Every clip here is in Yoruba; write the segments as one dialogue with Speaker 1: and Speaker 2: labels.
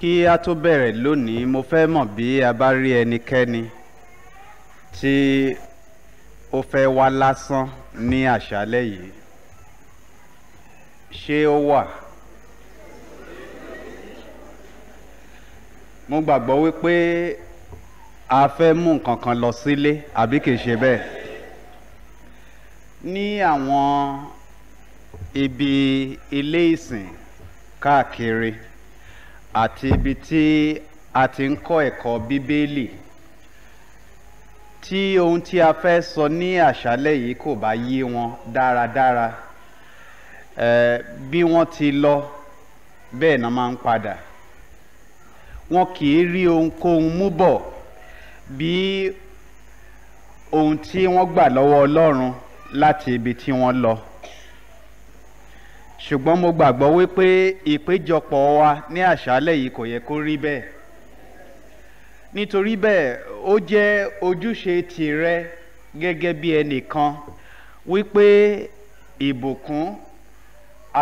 Speaker 1: kí a tó bẹ̀rẹ̀ lónìí mo fẹ́ mọ̀ bí a bá rí ẹnikẹ́ni tí ó fẹ́ wá lásán ní àṣálẹ́ yìí ṣé ó wà. mo gbàgbọ́ wípé a fẹ́ mú nǹkan kan lọ sílé àbí kìí ṣe bẹ́ẹ̀ ní àwọn ibi ilé ìsìn káàkiri àti ibi tí a ti ń kọ́ ẹ̀kọ́ bíbélì tí ohun tí a fẹ́ sọ ní àṣálẹ́ yìí kò bá yé wọn dáradára bí wọ́n ti lọ bẹ́ẹ̀ náà máa ń padà wọn kì í rí ohunkóhun mú bọ̀ bí ohun tí wọ́n gbà lọ́wọ́ Ọlọ́run láti ibi tí wọ́n lọ ṣùgbọ́n mo gbàgbọ́ wípé ìpéjọpọ̀ wa ní àṣálẹ̀ yìí kò yẹ kó rí bẹ́ẹ̀ nítorí bẹ́ẹ̀ ó jẹ́ ojúṣe tìrẹ gẹ́gẹ́ bí ẹnìkan wípé ìbùkún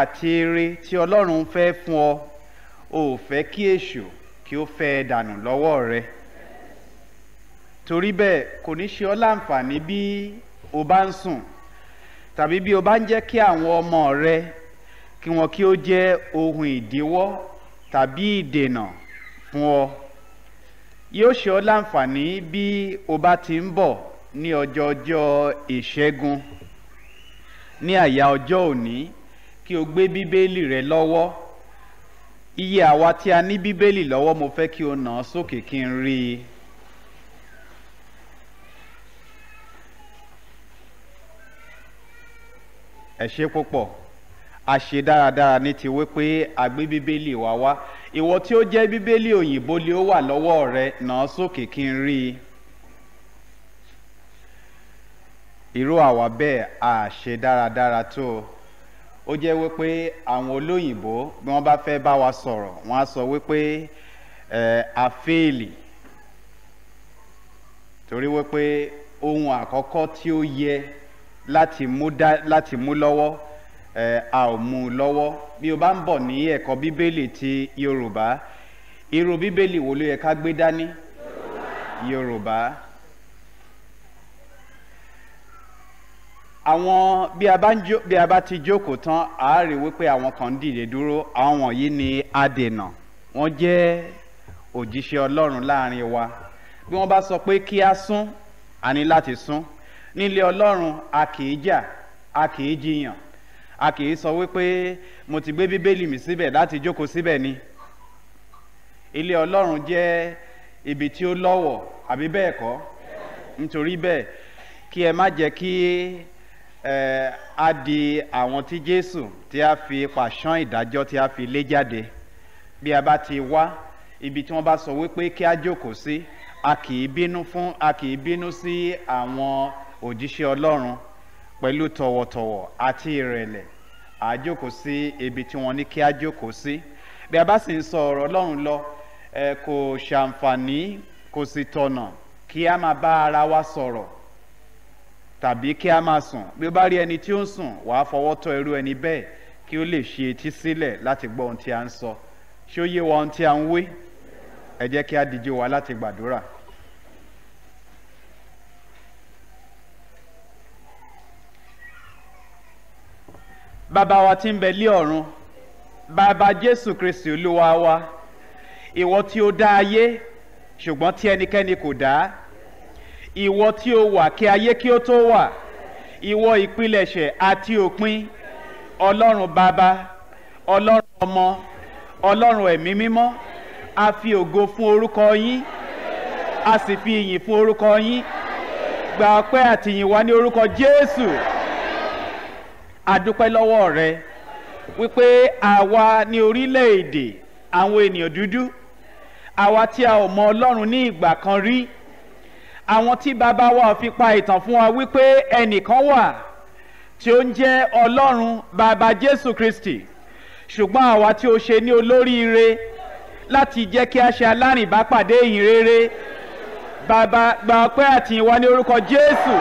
Speaker 1: àti ire tí Ọlọ́run fẹ́ fún ọ ò fẹ́ kí èṣù kí ó fẹ́ dànù lọ́wọ́ rẹ torí bẹ́ẹ̀ kò ní ṣe ọ́ láǹfààní bí o bá ń sùn tàbí bí o bá ń jẹ́ kí àwọn ọmọ rẹ kí wọn kí ó jẹ́ ohun ìdíwọ́ tàbí ìdènà fún ọ yóò ṣe ọ láǹfààní bí o bá ti ń bọ̀ ní ọjọ́jọ́ ìṣẹ́gun ní àyà ọjọ́ òní kí o gbé bíbélì rẹ lọ́wọ́ iye àwa tí a ní bíbélì lọ́wọ́ mo fẹ́ kí o nà á sókè kí n rí i. ẹ ṣé púpọ̀ àṣe dáradára ní ti wípé àgbé bíbélì wá wá ìwọ tí ó jẹ́ bíbélì òyìnbó lé ó wà lọ́wọ́ rẹ náà sókè kí n rí i irú àwa bẹ́ẹ̀ àṣe dáradára tó ó jẹ́ wípé àwọn olóyìnbó bí wọ́n bá fẹ́ bá wa sọ̀rọ̀ wọ́n á sọ wípé ẹ̀ àfẹ́ẹ̀lì torí wípé ohun àkọ́kọ́ tí ó yẹ láti mú lọ́wọ́ a ò mú un lọ́wọ́ bí o bá ń bọ̀ ní ẹ̀kọ́ bíbélì ti yorùbá irú bíbélì wo ló yẹ ká gbé dání yorùbá àwọn bí a bá bí a bá ti jókòó tán a rí wípé àwọn kan ń dìde dúró àwọn wọ̀nyí ni adènà wọ́n jẹ́ òjíṣẹ́ ọlọ́run láàrin wa bí wọ́n bá sọ pé kí a sún a láti sún nílé ọlọ́run a kì í jà a kì í jiyàn a kì í sọ wípé mo ti gbé bíbélì mi síbẹ̀ láti jókòó síbẹ̀ ni ilé ọlọ́run jẹ́ ibi tí ó lọ́wọ̀ àbí bẹ́ẹ̀ kọ́ nítorí bẹ́ẹ̀ kí ẹ má jẹ́ kí ẹ á di àwọn tí jésù tí a fi pàṣán ìdájọ́ tí a fi lé jáde bí a bá ti wá ibi tí wọ́n bá sọ wípé kí a jókòó sí a kì í bínú fún a kì í bínú sí àwọn òjíṣẹ́ ọlọ́run pẹ̀lú tọ̀wọ̀tọ̀wọ̀ àti ìrẹ̀lẹ̀ àjókòó sí ibi tí wọ́n ní kí á jókòó sí bí a bá sì ń sọ ọ̀rọ̀ ọlọ́run lọ ẹ kò ṣàǹfààní kò sì tọ̀nà kí a máa bá ara wa sọ̀rọ̀ tàbí kí a máa sùn bí o bá rí ẹni tí ó ń sùn wàá fọwọ́ tọ́ irú ẹni bẹ́ẹ̀ kí ó lè ṣe etí sílẹ̀ láti gbọ́ ohun tí a ń sọ ṣé ó yé wa ohun tí a ń wí ẹ jẹ́ kí a díjú wa láti gbàdúrà. bàbá wa tí ń bẹ lé ọ̀run bàbá jésù kristi olúwa wa ìwọ tí ó dá ayé ṣùgbọ́n tí ẹnikẹ́ni kò dá ìwọ tí ó wà kí ayé kí ó tó wà ìwọ ìpilẹ̀ṣẹ̀ àti òpin ọlọ́run bàbá ọlọ́run ọmọ ọlọ́run ẹ̀mí mímọ́ a fi ògo fún orúkọ yín a sì fi ìyìn fún orúkọ yín gba ọpẹ́ àtìyìn wá ní orúkọ jésù. Yeah adúpẹ́ lọ́wọ́ rẹ wípé àwa ní orílẹ̀-èdè àwọn ènìyàn dúdú àwa tí a ò mọ ọlọ́run ní ìgbà kan rí àwọn tí bàbá wa fi pa ìtàn fún wa wípé ẹnìkan wà tí ó ń jẹ́ ọlọ́run bàbá jésù kristi ṣùgbọ́n àwa tí ó ṣe ní olóríire láti jẹ́ kí a ṣe alárìnbápàdé ìyìn rere bàbá gba ọpẹ́ àti ní orúkọ jésù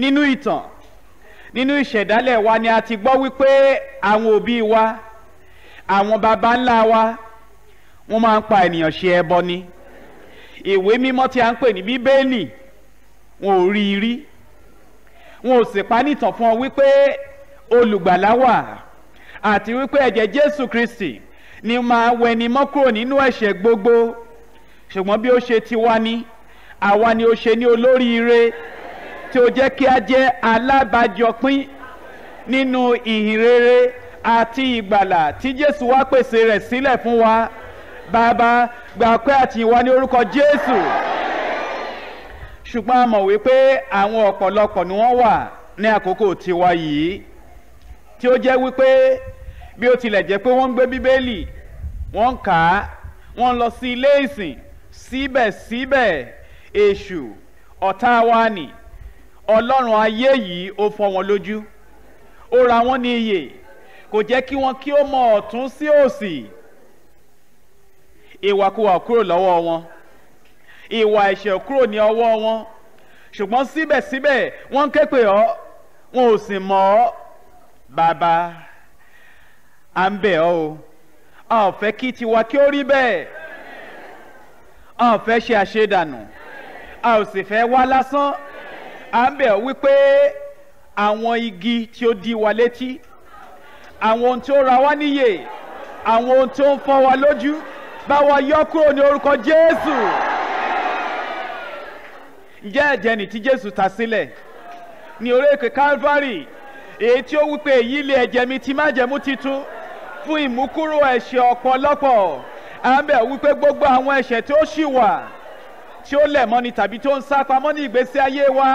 Speaker 1: nínú ìtàn nínú ìṣẹ̀dálẹ̀ wa ni a ti gbọ́ wípé àwọn òbí wa àwọn baba ńlá wa wọ́n máa ń pa ènìyàn ṣe ẹbọ ni ìwé mímọ́ tí a ń pè ní bíbélì wọn ò rí i rí wọn ò sì pa nìtàn fún ọ wípé olùgbàlà wà àti wípé ẹ̀jẹ̀ jésù kristi ni máa wẹni mọ́ kúrò nínú ẹ̀ṣẹ̀ gbogbo ṣùgbọ́n bí ó ṣe ti wá ní àwa ni ó ṣe ní olóríire tí ó jẹ́ kí a jẹ́ alábàjọpín nínú ìhìnrere àti ìgbàlà tí Jésù wá pèsè rẹ̀ sílẹ̀ fún wa bàbá gbà pé àti ìwà ní orúkọ Jésù ṣùgbọ́n a mọ̀ wípé àwọn ọ̀pọ̀lọpọ̀ ni wọ́n wà ní àkókò tiwa yìí tí ó jẹ́ wípé bí ó tilẹ̀ jẹ́ pé wọ́n ń gbé Bíbélì wọ́n ń kà á wọ́n ń lọ sí ilé ìsìn síbẹ̀síbẹ̀ èṣù ọ̀tá wa nì ọlọ́run ayé yìí ó fọ́ wọn lójú ó ra wọn ní iyè kò jẹ́ kí wọ́n kí ó mọ ọ̀tún sí òsì ìwàkuwà kúrò lọ́wọ́ wọn ìwà ẹ̀ṣẹ̀ kúrò ní ọwọ́ wọn ṣùgbọ́n síbẹ̀síbẹ̀ wọ́n ń ọ́ wọn ò sì mọ̀ ọ́ bàbá à ń bẹ̀ ọ́ o a ò fẹ́ kí tiwa kí ó rí bẹ́ẹ̀ a ò fẹ́ ṣe àṣedànù a ò sì fẹ́ wá lásán à ń bẹ̀ wípé àwọn igi tí ó di wa létí àwọn ohun tó ra wá níyè àwọn ohun tó ń fọ́ wa lójú bá yọ kúrò ní orúkọ Jésù ǹjẹ́ ẹ̀jẹ̀ nì tí Jésù ta sílẹ̀ ní orí èké Calvary èyí tí ó wípé èyí lé ẹ̀jẹ̀ mi ti májẹ̀mú titun fún ìmúkúrò ẹ̀ṣẹ̀ ọ̀pọ̀lọpọ̀ à ń bẹ̀ wípé gbogbo àwọn ẹ̀ṣẹ̀ tó ṣì wà tí ó lẹ̀ mọ́ni tàbí tó ń sá pamọ́ ní ìgbésí ayé wa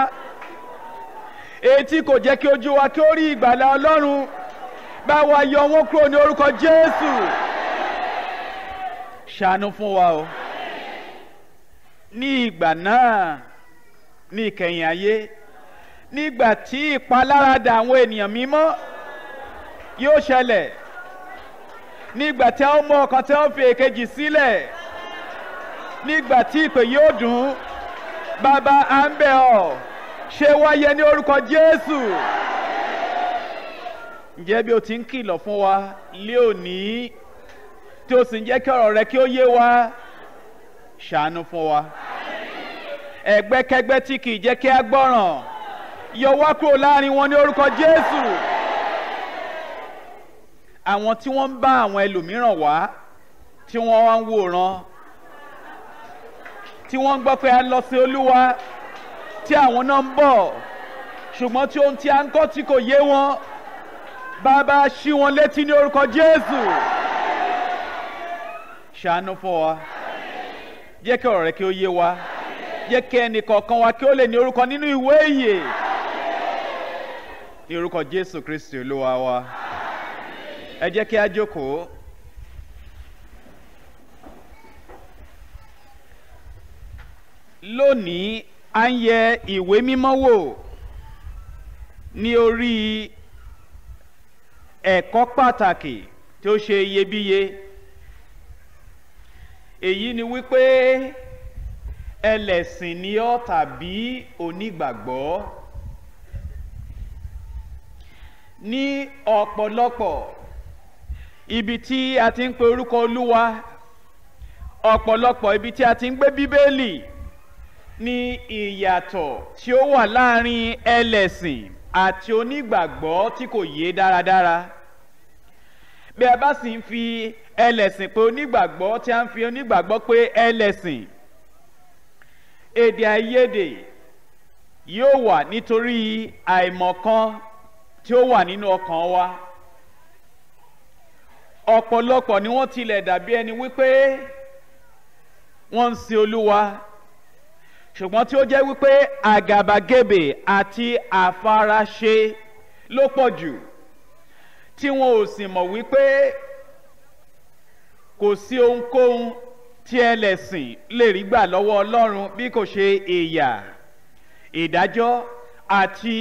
Speaker 1: etí kò jẹ́ kí ojú wa kí ó rí ìgbàlà ọlọ́run bá wa yọ wọn kúrò ní orúkọ jésù ṣàánú fún wa o ní ìgbà náà ní ìkẹyìn ayé nígbà tí ìpaláradà àwọn ènìyàn mímọ́ yóò ṣẹlẹ̀ nígbà tí a ó mú ọkàn tí a ó fi èkejì sílẹ̀ nígbà tí ìpè yóò dùn bàbá à ń bẹ̀ ọ́. ṣe wáyé ní orúkọ Jésù. Ǹjẹ́ bí o ti ń kìlọ̀ fún wa lé òní tí o sì ń jẹ́ kí ọ̀rọ̀ rẹ kí ó yé wa ṣàánú fún wa. Ẹgbẹ́kẹ́gbẹ́ tí kì í jẹ́ kí a gbọ́ràn yọ wá kúrò láàrin wọn ní orúkọ Jésù. Àwọn tí wọ́n ń bá àwọn ẹlòmíràn wá tí wọ́n wá ń wòran tí wọ́n ń gbọ́ pé a lọ sí Olúwa tí àwọn náà ń bọ̀ ṣùgbọ́n tí ohun tí a ń kọ́ tí kò yé wọn bàbá ṣí wọn létí ní orúkọ Jésù ṣàánú fún wa jẹ́ kí ọ̀rọ̀ rẹ kí ó yé wa jẹ́ kí ẹnì kọ̀ọ̀kan wa kí ó lè ní orúkọ nínú ìwé ìyè ní orúkọ Jésù Kristi Olúwa wa ẹ jẹ́ kí a jókòó. lónìí à ń yẹ ìwé mímọ́ wò ní orí ẹ̀kọ́ pàtàkì tí ó ṣe iyebíye èyí ni wípé ẹlẹ́sìn ni ọ́ tàbí onígbàgbọ́ ní ọ̀pọ̀lọpọ̀ ibi tí a ti ń pe orúkọ olúwa ọ̀pọ̀lọpọ̀ ibi tí a ti ń gbé bíbélì ni ìyàtọ̀ tí ó wà láàrin ẹlẹ́sìn àti onígbàgbọ́ tí kò yé dáradára bí a bá sì ń fi ẹlẹ́sìn pé onígbàgbọ́ tí a ń fi onígbàgbọ́ pé ẹlẹ́sìn èdè àìyedè yóò wà nítorí àìmọ̀kan tí ó wà nínú ọkàn wa ọ̀pọ̀lọpọ̀ ni wọ́n tilẹ̀ dàbí ẹni wípé wọ́n ń sin olúwa ṣùgbọ́n tí ó jẹ́ wípé àgàbàgebè àti àfaraṣe ló pọ̀ jù tí wọn ò sì mọ̀ wípé kò sí ohunkóhun tí ẹlẹ́sìn lè rí gbà lọ́wọ́ ọlọ́run bí kò ṣe ìyà ìdájọ́ àti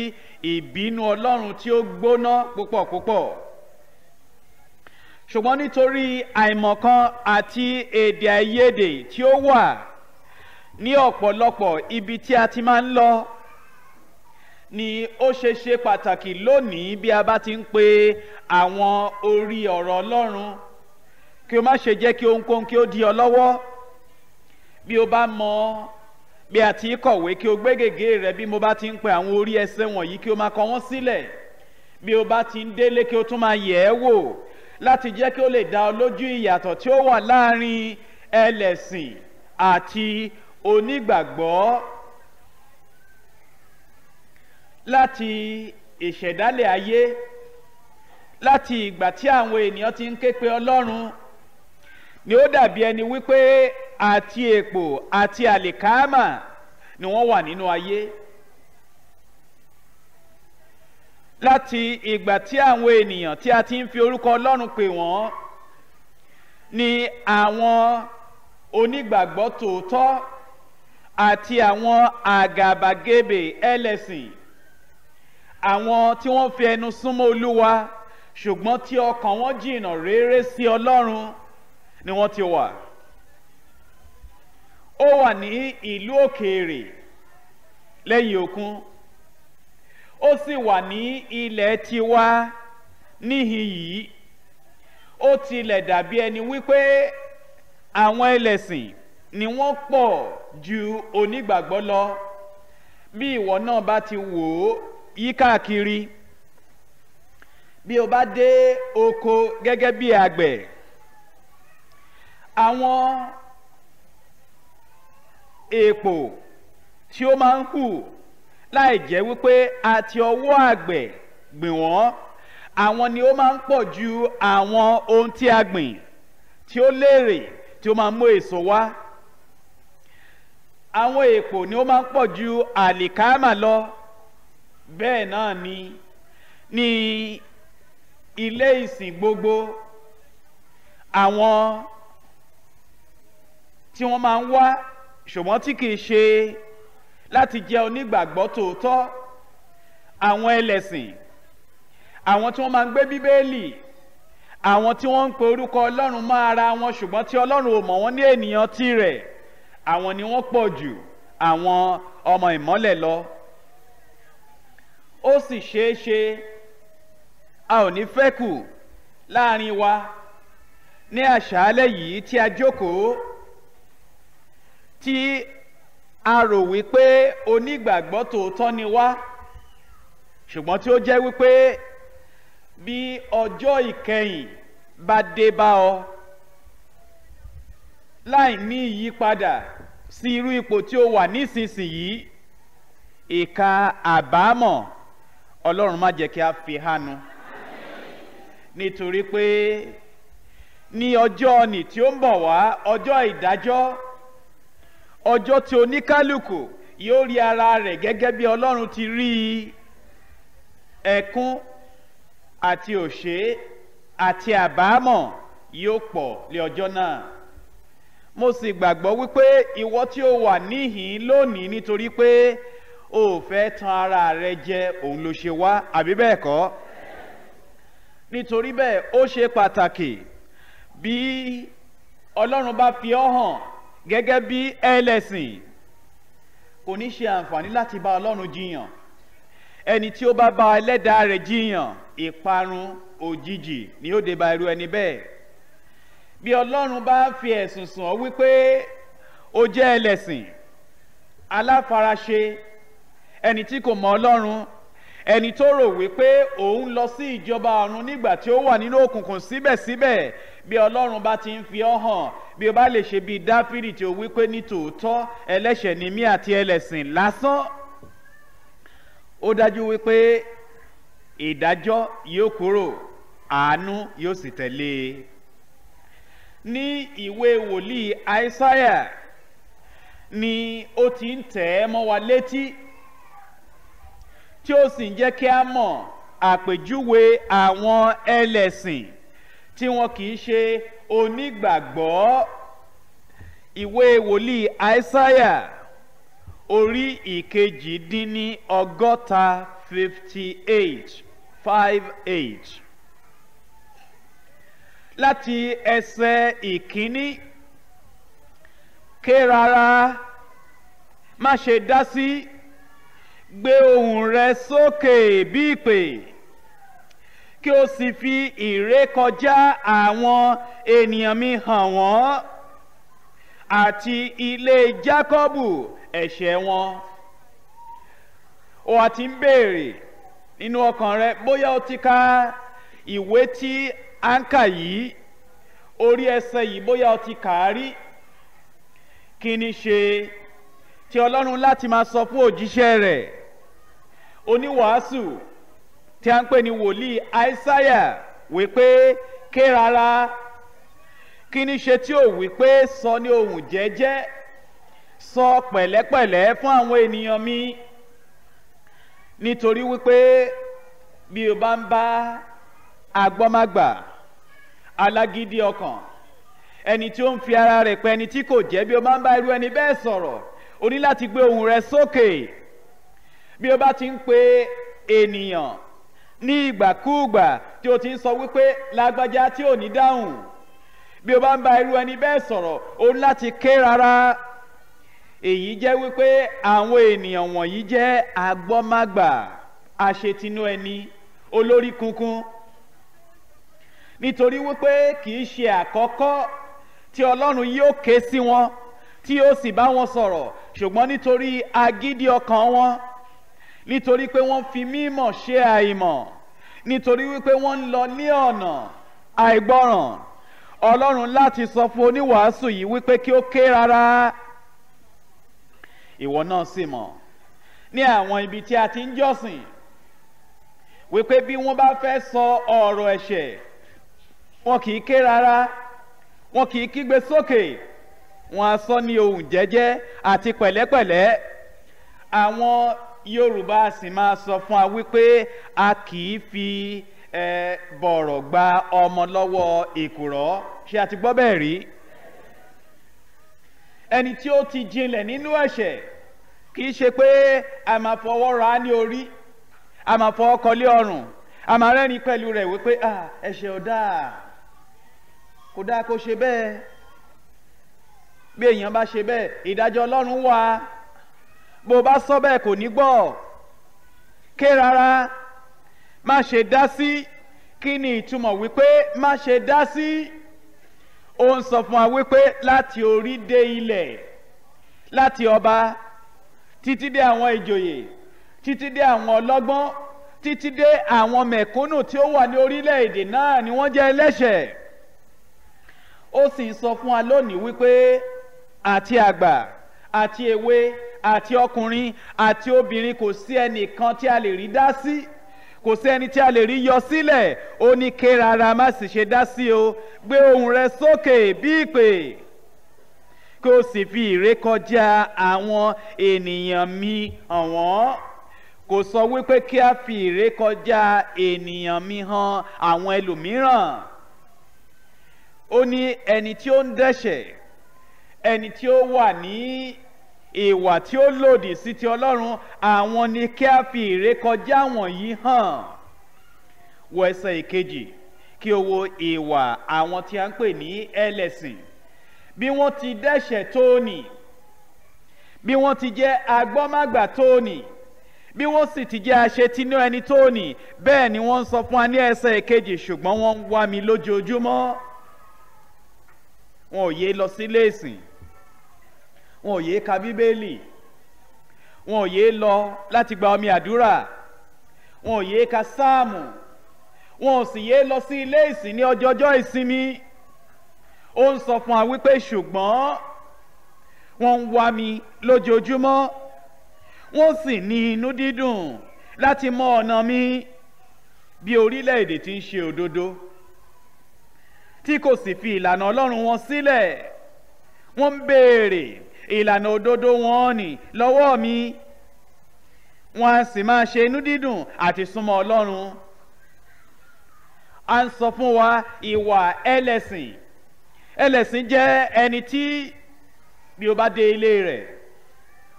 Speaker 1: ìbínú ọlọ́run tí ó gbóná púpọ̀ púpọ̀ ṣùgbọ́n nítorí àìmọ̀kan àti èdè àìyedè tí ó wà ní ọ̀pọ̀lọpọ̀ ibi tí a ti máa ń lọ ni ó ṣe ṣe pàtàkì lónìí bí a bá ti ń pe àwọn orí ọ̀rọ̀ ọlọ́run kí o má ṣe jẹ́ kí ohunkóhun kí ó di ọ lọ́wọ́ bí o bá mọ bí a ti kọ̀wé kí o gbé gègé rẹ bí mo bá ti ń pe àwọn orí ẹsẹ wọ̀nyí kí o máa kọ wọ́n sílẹ̀ bí o bá ti ń délé kí o tún máa yẹ̀ ẹ́ wò láti jẹ́ kí o lè dá ọ lójú ìyàtọ̀ tí ó wà láàrin ẹlẹ́sìn àti onígbàgbọ́ láti ìṣẹ̀dálẹ̀ ayé láti ìgbà tí àwọn ènìyàn ti ń ké pe ọlọ́run ni ó dàbí ẹni wípé àti èpò àti àlìkámà ni wọ́n wà nínú ayé láti ìgbà tí àwọn ènìyàn tí a ti ń fi orúkọ ọlọ́run pè wọ́n ni àwọn onígbàgbọ́ tòótọ́ àti àwọn àgàbàgebè ẹlẹ́sìn àwọn tí wọ́n fi ẹnu súnmọ́ olúwa ṣùgbọ́n tí ọkàn wọn jìnnà réré sí ọlọ́run ni wọ́n ti wà ó wà ní ìlú òkèèrè lẹ́yìn òkun ó sì wà ní ilẹ̀ tiwa níhìn yìí ó tilẹ̀ dàbí ẹni wípé àwọn ẹlẹ́sìn ni wọ́n pọ̀ ju onígbàgbọ́ lọ bí ìwọ náà bá ti wò ó yí káàkiri bí o bá dé oko gẹ́gẹ́ bí àgbẹ̀ àwọn èèpò tí ó máa ń hù láì jẹ́ wípé àti ọwọ́ àgbẹ̀ gbìn wọ́n àwọn ni ó máa ń pọ̀ ju àwọn ohun tí a gbìn tí ó léèrè tí ó máa ń mú èso wá àwọn èèpo ni ó máa ń pọ̀ ju àlìkámà lọ bẹ́ẹ̀ náà ni ní ilé ìsìn gbogbo àwọn tí wọ́n máa ń wá ṣùgbọ́n tí kì í ṣe láti jẹ́ onígbàgbọ́ tòótọ́ àwọn ẹlẹ́sìn àwọn tí wọ́n máa ń gbé bíbélì àwọn tí wọ́n ń pe orúkọ ọlọ́run mọ́ ara wọn ṣùgbọ́n tí ọlọ́run ò mọ̀ wọ́n ní ènìyàn tirẹ̀ àwọn ni wọ́n pọ̀ jù àwọn ọmọ ìmọ́lẹ̀ lọ ó sì ṣeé ṣe a ò ní fẹ́ kù láàrin wa ní àṣálẹ́ yìí tí a jókòó tí a rò wípé onígbàgbọ́ tòótọ́ ni wá ṣùgbọ́n tí ó jẹ́ wípé bí ọjọ́ ìkẹyìn bá dé bá ọ láì ní ìyípadà. sí irú ipò tí ó wà nísinsìnyí ìka àbámọ̀ ọlọ́run má jẹ́ kí a fi hánu nítorí pé ní ọjọ́ ni tí ó ń bọ̀ wá ọjọ́ ìdájọ́ ọjọ́ tí oníkálukú yóò rí ara rẹ̀ gẹ́gẹ́ bí ọlọ́run ti rí ẹkún àti òṣè àti àbámọ̀ yóò pọ le ọjọ náà. mo sì gbàgbọ́ wípé ìwọ tí ó wà níhìn lónìí nítorí pé o fẹ́ tan ara rẹ jẹ òun ló ṣe wá àbí bẹ́ẹ̀ kọ́ nítorí bẹ́ẹ̀ ó ṣe pàtàkì bí ọlọ́run bá fi ọ́ hàn gẹ́gẹ́ bí ẹlẹ́sìn kò ní ṣe àǹfààní láti bá ọlọ́run jiyàn ẹni tí ó bá bá ẹlẹ́dàá rẹ̀ jiyàn ìparun òjijì ni ó dé bá irú ẹni bẹ́ẹ̀ bí ọlọ́run bá fi ẹ̀sùn sùn ọ́ wípé ó jẹ́ ẹlẹ́sìn aláfaraṣe ẹni tí kò mọ ọlọ́run ẹni tó rò wípé òun lọ sí ìjọba ọ̀run nígbà tí ó wà nínú òkùnkùn síbẹ̀síbẹ̀ bí ọlọ́run bá ti ń fi ọ́ hàn bí o bá lè ṣe bíi dáfídì tí o wípé ní tòótọ́ ẹlẹ́ṣẹ̀ ni mí àti ẹlẹ́sìn lásán ó dájú wípé ìdájọ́ yóò kúrò àánú yóò sì tẹ̀lé e ní ìwé wòlíì àìsáyà ni ó ti ń tẹ̀ ẹ́ mọ́ wa létí tí ó sì ń jẹ́ kí a mọ̀ àpèjúwe àwọn ẹlẹ́sìn tí wọn kì í ṣe onígbàgbọ́ ìwé wòlíì àìsáyà orí ìkejì dín ní ọgọ́ta fifty eight five eight láti ẹsẹ̀ ìkíní ké rárá má ṣe dá sí gbé ohùn rẹ sókè bí ìpè kí o sì fi ìrékọjá àwọn ènìyàn mi hàn wọ́n àti ilé Jákọ́bù ẹ̀ṣẹ̀ wọn o àti ń béèrè nínú ọkàn rẹ bóyá o ti ka ìwé tí à ń kà yìí orí ẹsẹ̀ yìí bóyá o ti kà á kí ni ṣe ti ọlọ́run láti máa sọ fún òjíṣẹ́ rẹ̀ oníwàásù tí a ń pè ní wòlíì aísáyà wípé ké rárá kí ni ṣe tí ò wípé sọ ní ohun jẹ́jẹ́ sọ pẹ̀lẹ́pẹ̀lẹ́ fún àwọn ènìyàn mi nítorí wípé bí o bá ń bá agbọ́mágbà alágídí ọkàn ẹni tí ó ń fi ara rẹ̀ pẹ́ ẹni tí kò jẹ̀bi ó máa ń bá irú ẹni bẹ́ẹ̀ sọ̀rọ̀ o ní láti gbé ohùn rẹ sókè bí o bá ti ń pe ènìyàn ní ìgbàkúùgbà tí o ti ń sọ wípé lágbájá tí ò ní dáhùn bí o bá ń bá irú ẹni bẹ́ẹ̀ sọ̀rọ̀ o ní láti ké rárá èyí jẹ́ wípé àwọn ènìyàn wọ̀nyí jẹ́ agbọ́mágbà aṣetinú ẹni olórí kunkun nítorí wípé kì í ṣe àkọ́kọ́ tí ọlọ́run yóò ké sí wọn tí ó sì bá wọn sọ̀rọ̀ ṣùgbọ́n nítorí agídí ọkàn wọn nítorí pé wọ́n fi mímọ̀ ṣe àìmọ̀ nítorí wípé wọ́n ń lọ ní ọ̀nà àìgbọràn ọlọ́run láti sọ fún oníwàásù yìí wípé kí ó ké rárá ìwọ náà sì mọ̀ ní àwọn ibi tí a ti ń jọ́sìn wípé bí wọ́n bá fẹ́ sọ ọ̀rọ̀ ẹ̀ṣẹ̀ wọn kì í ké rárá wọn kì í kígbe sókè wọn á sọ ní ohùn jẹ́jẹ́ àti pẹ̀lẹ́pẹ̀lẹ́ àwọn yorùbá sì máa sọ fún wa wípé a kì í fi ẹ bọ̀rọ̀ gba ọmọ lọ́wọ́ èkùrọ́ ṣé a ti gbọ́ bẹ́ẹ̀ rí ẹni tí ó ti jinlẹ̀ nínú ẹ̀ṣẹ̀ kì í ṣe pé a máa fọwọ́ ra ní orí a máa fọwọ́ kọlé ọrùn a máa rẹ́rìn pẹ̀lú rẹ̀ wípé ẹ̀ṣẹ̀ ò dáa kò dáa kó ṣe bẹ́ẹ̀ bí èèyàn bá ṣe bẹ́ẹ̀ ìdájọ́ ọlọ́run wà bó bá sọ bẹ́ẹ̀ kò ní gbọ́ ké rárá má ṣe dá sí kí ni ìtumọ̀ wípé má ṣe dá sí ó ń sọ fún wa wípé láti orí dé ilẹ̀ láti ọba títí dé àwọn ìjòyè títí dé àwọn ọlọ́gbọ́n títí dé àwọn mẹ̀kúnnù tí ó wà ní orílẹ̀-èdè náà ni wọ́n jẹ́ ẹlẹ́ṣẹ̀ẹ́ ó sì sọ fún wa lónìí wípé àti àgbà àti èwe àti ọkùnrin àti obìnrin kò sí ẹnìkan tí a lè rí dá sí kò sí ẹni tí a lè rí yọ sílẹ̀ ó ní ké rárá má sì ṣe dá sí o gbé ohùn rẹ sókè bí ìpè kí o sì fi ìrékọjá àwọn ènìyàn mi hàn wọ́n kò sọ wípé kí a fi ìrékọjá ènìyàn mi hàn àwọn ẹlòmíràn ó ní ẹni tí ó ń dẹ́ṣẹ̀ ẹni tí ó wà ní ìwà tí ó lòdì sí ti ọlọ́run àwọn ni kí a fi ìrékọjá wọ̀nyí hàn wọ ẹsẹ̀ ìkejì kí o wo ìwà àwọn tí a ń pè ní ẹlẹ́sìn bí wọ́n ti dẹ́ṣẹ̀ tóní bí wọ́n ti jẹ́ agbọ́mágbà tóní bí wọ́n sì ti jẹ́ aṣetínú ẹni tóní bẹ́ẹ̀ ni wọ́n ń sọ fún wa ní ẹsẹ̀ ìkejì ṣùgbọ́n wọ́n ń wá mi lójoojúmọ́ wọn ò yéé lọ sílé ìsìn wọn ò yéé ka bíbélì wọn ò yéé lọ láti gba omi àdúrà wọn ò yéé ka sáàmù wọn ò sì yéé lọ sí ilé ìsìn ní ọjọ́jọ́ ìsinmi ó ń sọ fún wa wípé ṣùgbọ́n wọ́n ń wá mi lójoojúmọ́ wọ́n sì ní inú dídùn láti mọ ọ̀nà mi bí orílẹ̀-èdè tí ń ṣe òdodo tí kò sì fi ìlànà ọlọ́run wọn sílẹ̀ wọ́n ń béèrè ìlànà òdodo wọn ni lọ́wọ́ mi wọ́n á sì máa ṣe inú dídùn àti súnmọ́ ọlọ́run à ń sọ fún wa ìwà ẹlẹ́sìn ẹlẹ́sìn jẹ́ ẹni tí bí o bá dé ilé rẹ̀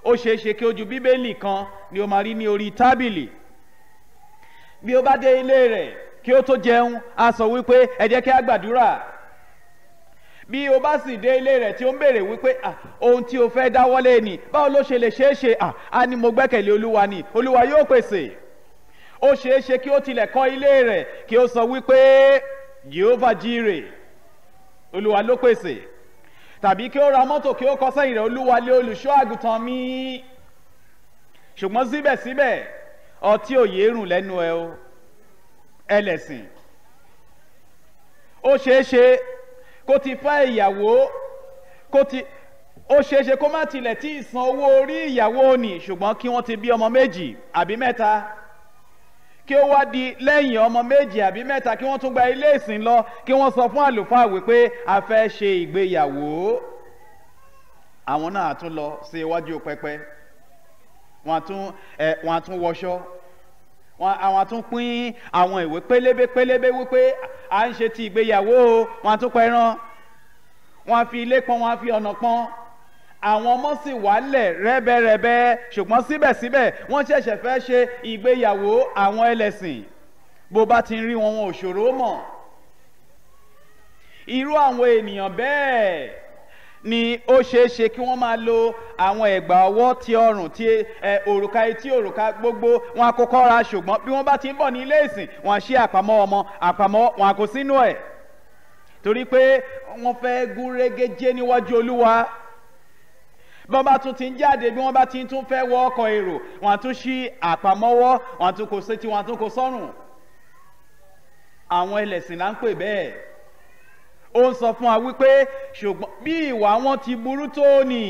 Speaker 1: ó ṣeé ṣe kí ojú bíbélì kan ni o máa rí ní orí tábìlì bí o bá dé ilé rẹ̀ kí ó tó jẹun a sọ wípé ẹ jẹ́ kí a gbàdúrà bí o bá sì dé ilé rẹ̀ tí ó ń béèrè wípé ohun tí o fẹ́ dáwọ́lé ni báwo ló ṣe lè ṣeé ṣe a ni mo gbẹ́kẹ̀lé olúwa ni olúwa yóò pèsè ó ṣeé ṣe kí ó tilẹ̀ kọ́ ilé rẹ̀ kí ó sọ wípé Jehovah jire olúwa ló pèsè tàbí kí ó ra mọ́tò kí ó kọ sẹ́yìn rẹ̀ olúwa lé olùṣọ́ àgùntàn mi ṣùgbọ́n síbẹ̀síbẹ̀ ọtí òye rùn lẹ́nu ẹ o ẹlẹ́sìn ó ṣeé ṣe kó ti fá ìyàwó kó ti ó ṣeé ṣe kó má tilẹ̀ tí ì owó orí ìyàwó ni ṣùgbọ́n kí wọ́n ti bí ọmọ méjì àbí mẹ́ta kí ó wá di lẹ́yìn ọmọ méjì àbí mẹ́ta kí wọ́n tún gba ilé ìsìn lọ kí wọ́n sọ fún àlùfáà wípé a fẹ́ ṣe ìgbéyàwó àwọn náà tún lọ sí iwájú pẹpẹ wọn àtún ẹ wọn àtún àwọn tún pín àwọn ìwé pélébé pélébé wípé à ń ṣe ti ìgbéyàwó o wọn tún pẹran wọn fi ilé pọn wọn fi ọ̀nà pọn àwọn ọmọ sì wálẹ̀ rẹ́bẹ̀rẹ́bẹ́ ṣùgbọ́n síbẹ̀síbẹ̀ wọ́n ṣẹ̀ṣẹ̀ fẹ́ ṣe ìgbéyàwó àwọn ẹlẹ́sìn bó bá ti ń rí wọn wọn ò ṣòro mọ̀ irú àwọn ènìyàn bẹ́ẹ̀ ni ó ṣeé ṣe kí wọ́n máa lo àwọn ẹ̀gbà ọwọ́ ti ọrùn ti òrùka etí òrùka gbogbo wọn àkókò ra ṣùgbọ́n bí wọ́n bá ti ń bọ̀ ní ilé ìsìn wọn á ṣí àpamọ́ ọmọ àpamọ́ wọn kò sínú ẹ̀ torí pé wọ́n fẹ́ gún régéjé níwájú olúwa bí wọ́n bá tún ti ń jáde bí wọ́n bá ti tún fẹ́ wọ ọkọ̀ èrò wọn á tún ṣí àpamọ́wọ́ wọn á tún kó sétí wọn á tún kó sọ́rùn àwọn ẹlẹ́sìn là ń pè bẹ́ẹ̀ ó ń sọ fún wa wípé ṣùgbọ́n bí ìwà wọn ti burú tó nì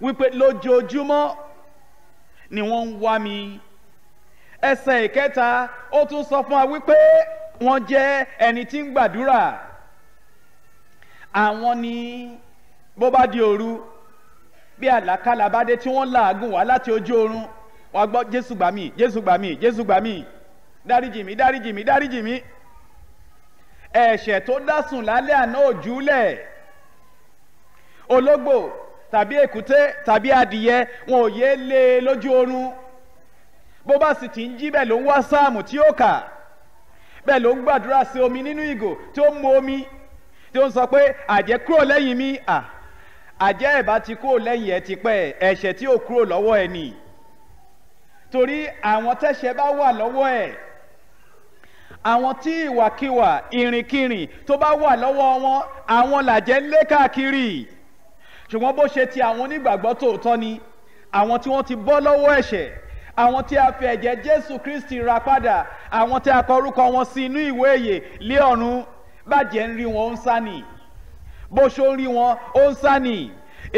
Speaker 1: wípé lójoojúmọ́ ni wọ́n ń wá mi ẹsẹ̀ ìkẹta ó tún sọ fún wa wípé wọ́n jẹ́ ẹni tí ń gbàdúrà àwọn ni bó bá di òru bí àlàkalà bá dé tí wọ́n làágùn wá láti ojú oorun wàá gbọ́ jésù gbà mí jésù gbà mí jésù gbà mí dáríjì mí dáríjì mí dáríjì mí ẹ̀ṣẹ̀ tó dásùn lálẹ́ àná òjúlẹ̀ ológbò tàbí èkúté tàbí adìyẹ wọn ò yé lé e lójú oorun bó bá sì ti ń jí bẹ́ẹ̀ ló ń wá sáàmù tí ó kà bẹ́ẹ̀ ló ń gbàdúrà sí omi nínú ìgò tí ó ń mu omi tí ó ń sọ pé àjẹ́ kúrò lẹ́yìn mi à àjẹ́ ẹ̀bá ti kúrò lẹ́yìn ẹ̀ ti pẹ́ ẹ̀ṣẹ̀ tí ò kúrò lọ́wọ́ ẹ̀ nì torí àwọn tẹ́ṣẹ̀ bá wà lọ́wọ́ ẹ̀ àwọn tí ìwàkiwà ìrìnkìrìn tó bá wà lọ́wọ́ wọn àwọn làjẹ́ ń lé káàkiri ṣùgbọ́n bó ṣe ti àwọn onígbàgbọ́ tòótọ́ ni àwọn tí wọ́n ti bọ́ lọ́wọ́ ẹ̀ṣẹ̀ àwọn tí a fi ẹ̀jẹ̀ Jésù Kristi ra padà àwọn tí a kọ orúkọ wọn sí inú ìwé èyè lé ọ̀run bàjẹ́ ń rí wọn ó ń sá nì bó ṣe ń rí wọn ó ń sá nì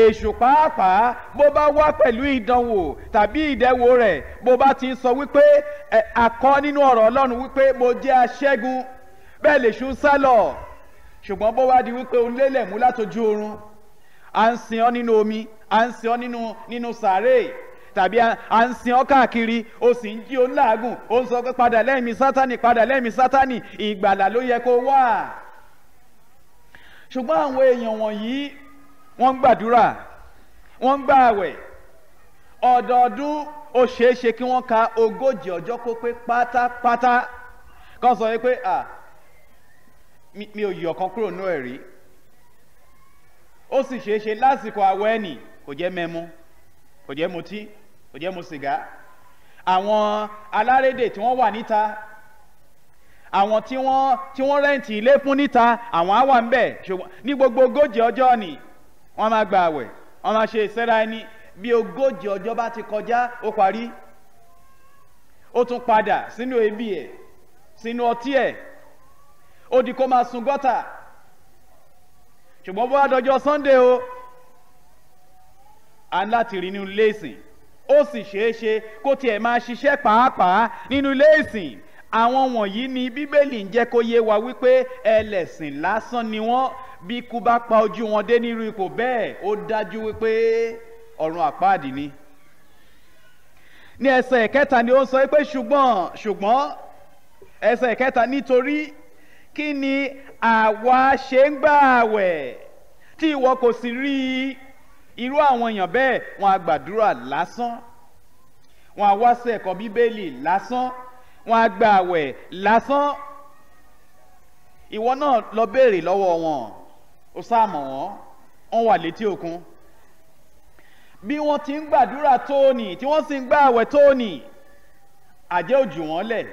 Speaker 1: èṣù pàápàá bó bá wá pẹ̀lú ìdánwò tàbí ìdẹ́wò rẹ̀ bó bá ti ń sọ wípé àkọ́ nínú ọ̀rọ̀ ọlọ́run wípé mo jẹ́ aṣẹ́gun bẹ́ẹ̀ lèṣù ń sá lọ ṣùgbọ́n bó wá di wípé onílẹ̀ mú látọjú oorun à ń sin ọ́ nínú omi à ń sin ọ́ nínú nínú sàárè tàbí à ń sin ọ́ káàkiri o sì ń jí o ń o ń sọ pé padà lẹ́mí sátánì padà lẹ́mí sátánì ìgbàlà ló yẹ kó wà ṣùgbọ́n àwọn èèyàn wọ̀nyí wọ́n ń gbàdúrà wọ́n ń gbà àwẹ̀ ọ̀dọọdún ó ṣeé ṣe kí wọ́n ka ogójì ọjọ́ kó pé pátápátá kan sọ pé à mi ò yọ̀ kan kúrò nú ẹ̀ rí ó sì ṣeé ṣe lásìkò àwẹ̀ ẹ̀nì kò jẹ́ mẹ́mu kò jẹ́ mutí kò jẹ́ mu sìgá àwọn alárédè tí wọ́n wà níta àwọn tí wọ́n tí wọ́n rẹ́ǹtì ilé fún níta àwọn á wà ń bẹ̀ ṣùgbọ́n ní gbogbo ogójì ọjọ́ ni wọ́n máa gba àwẹ̀ wọ́n máa ṣe ìsẹ́ra ẹni bí ogójì ọjọ́ bá ti kọjá ó parí ó tún padà sínú ebi ẹ̀ sínú ọtí ẹ̀ ó di kó máa sun gọ́tà ṣùgbọ́n bó wá Sunday o à ń láti rí nínú ilé ìsìn ó sì ṣeé ṣe kó tiẹ̀ máa ṣiṣẹ́ pàápàá nínú ilé ìsìn àwọn wọ̀nyí ni bíbélì ń jẹ́ kó yé wa wípé ẹlẹ́sìn lásán ni wọ́n bí ikú bá pa ojú wọn dé nírú ipò bẹ́ẹ̀ ó dájú wípé ọ̀run àpáàdì ni ní ẹsẹ̀ ìkẹta ni ó ń sọ pé ṣùgbọ́n ṣùgbọ́n ẹsẹ̀ ìkẹta nítorí kí ni àwa ṣe ń gbà àwẹ̀ tí ìwọ kò sì rí irú àwọn èèyàn bẹ́ẹ̀ wọn á gbàdúrà lásán wọn á wá sí ẹ̀kọ́ bíbélì lásán wọn á gbà àwẹ̀ lásán ìwọ náà lọ béèrè lọ́wọ́ wọn ó sáàmọ̀ wọ́n wọ́n wà létí òkun bí wọ́n ti ń gbàdúrà tóòní tí wọ́n sì ń gbà àwẹ̀ tóòní àjẹ́ òjò wọ́n lẹ̀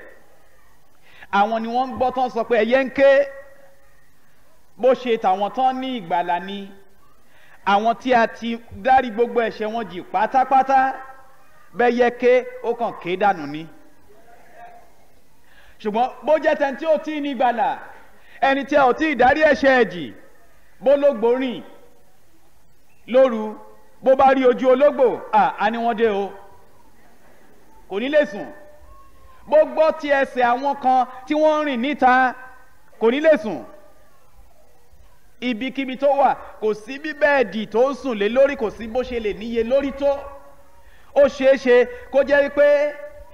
Speaker 1: àwọn ni wọ́n ń gbọ́ tán sọ pé ẹyẹ ń ké bó ṣe tàwọn tán ní ìgbàlà ni àwọn tí a ti dárí gbogbo ẹ̀ṣẹ̀ wọn jì pátápátá bẹ́ẹ̀ yẹ ké ó kàn ké dànù ni ṣùgbọ́n bó jẹ́ tẹ́ni tí ó tí ní ìgbàlà ẹni tí a ò tí ì dárí ẹ̀ṣẹ̀ jì bó lógbò rìn lóru bó bá rí ojú ológbò à ni wọ́n dé o kò ní lè sùn bó gbọ́ ti ẹsẹ̀ àwọn kan tí wọ́n ń rìn níta kò ní lè sùn ibikíbi tó wà kò sí bí bẹ́ẹ̀dì tó ń sùn lé lórí kò sí bó ṣe lè níye lórí tó ó ṣeé ṣe kó jẹ́ pé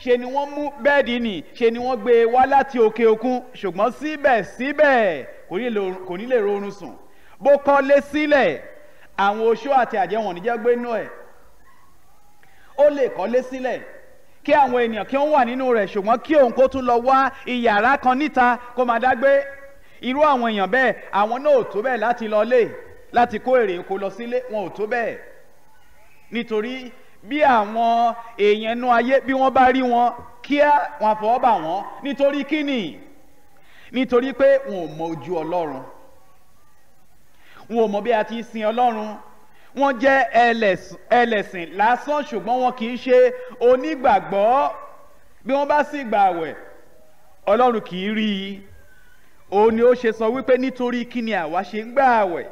Speaker 1: ṣe ni wọ́n mú bẹ́ẹ̀dì nì ṣe ni wọ́n gbé e wá láti òkè òkun ṣùgbọ́n síbẹ̀síbẹ̀ kò ní lè rọrùn sùn bó kọ́lé sílẹ̀ àwọn oṣó àti àjẹ́ wọn níjẹ́ gbé inú ẹ̀ ó lè kọ́lé sílẹ̀ kí àwọn ènìyàn kí wọ́n wà nínú rẹ̀ ṣùgbọ́n kí òun kó tún lọ wá ìyàrá kan níta kó máa dágbé irú àwọn èèyàn bẹ́ẹ̀ àwọn náà ò tó bẹ́ẹ̀ láti lọ lé láti kó èrè oko lọ sílé wọn ò tó bẹ́ẹ̀ nítorí bí àwọn èèyàn inú ayé bí wọ́n bá rí wọn kíá wọn àfọwọ́ bà wọ́n nítorí kíni nítorí pé wọn ò mọ ojú Ọlọ́run wọn ò mọ bí a ti sin ọlọ́run wọ́n jẹ́ ẹlẹ́sìn lásán ṣùgbọ́n wọn kì í ṣe onígbàgbọ́ bí wọ́n bá sì gbà àwẹ̀ ọlọ́run kì í rí i òun ni ó ṣe sọ wípé nítorí kí ni àwa ṣe ń gbà àwẹ̀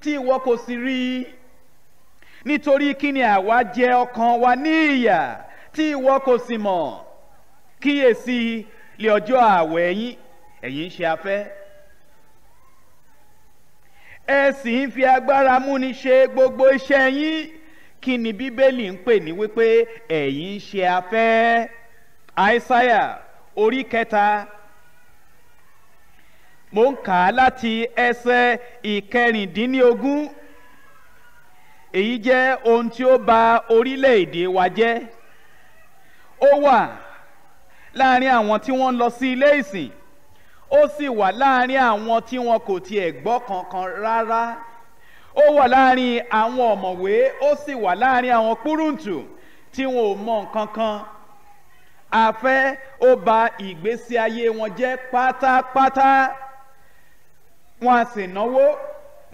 Speaker 1: tí ìwọ kò sì rí i nítorí kí ni àwa jẹ ọkàn wa ní ìyà tí ìwọ kò sì mọ̀ kíyèsí lè ọjọ́ àwẹ̀ ẹ̀yin ẹ̀yin ń ṣe afẹ́ ẹ sì ń fi agbára múni ṣe gbogbo iṣẹ́ yín kí ni bíbélì ń pè ní wípé ẹ̀yin ń ṣe afẹ́ àìsáyà orí kẹta mo ń kà á láti ẹsẹ̀ ìkẹrìndínlógún èyí jẹ́ ohun tí ó ba orílẹ̀-èdè wa jẹ́ ó wà láàrin àwọn tí wọ́n ń lọ sí ilé ìsìn ó sì wà láàrin àwọn tí wọn kò tiẹ̀ gbọ́ kankan rárá ó wà láàrin àwọn ọ̀mọ̀wé ó sì wà láàrin àwọn púrùǹtù tí wọn ò mọ nǹkan kan afẹ́ ó ba ìgbésí ayé wọn jẹ́ pátápátá wọn a sì náwó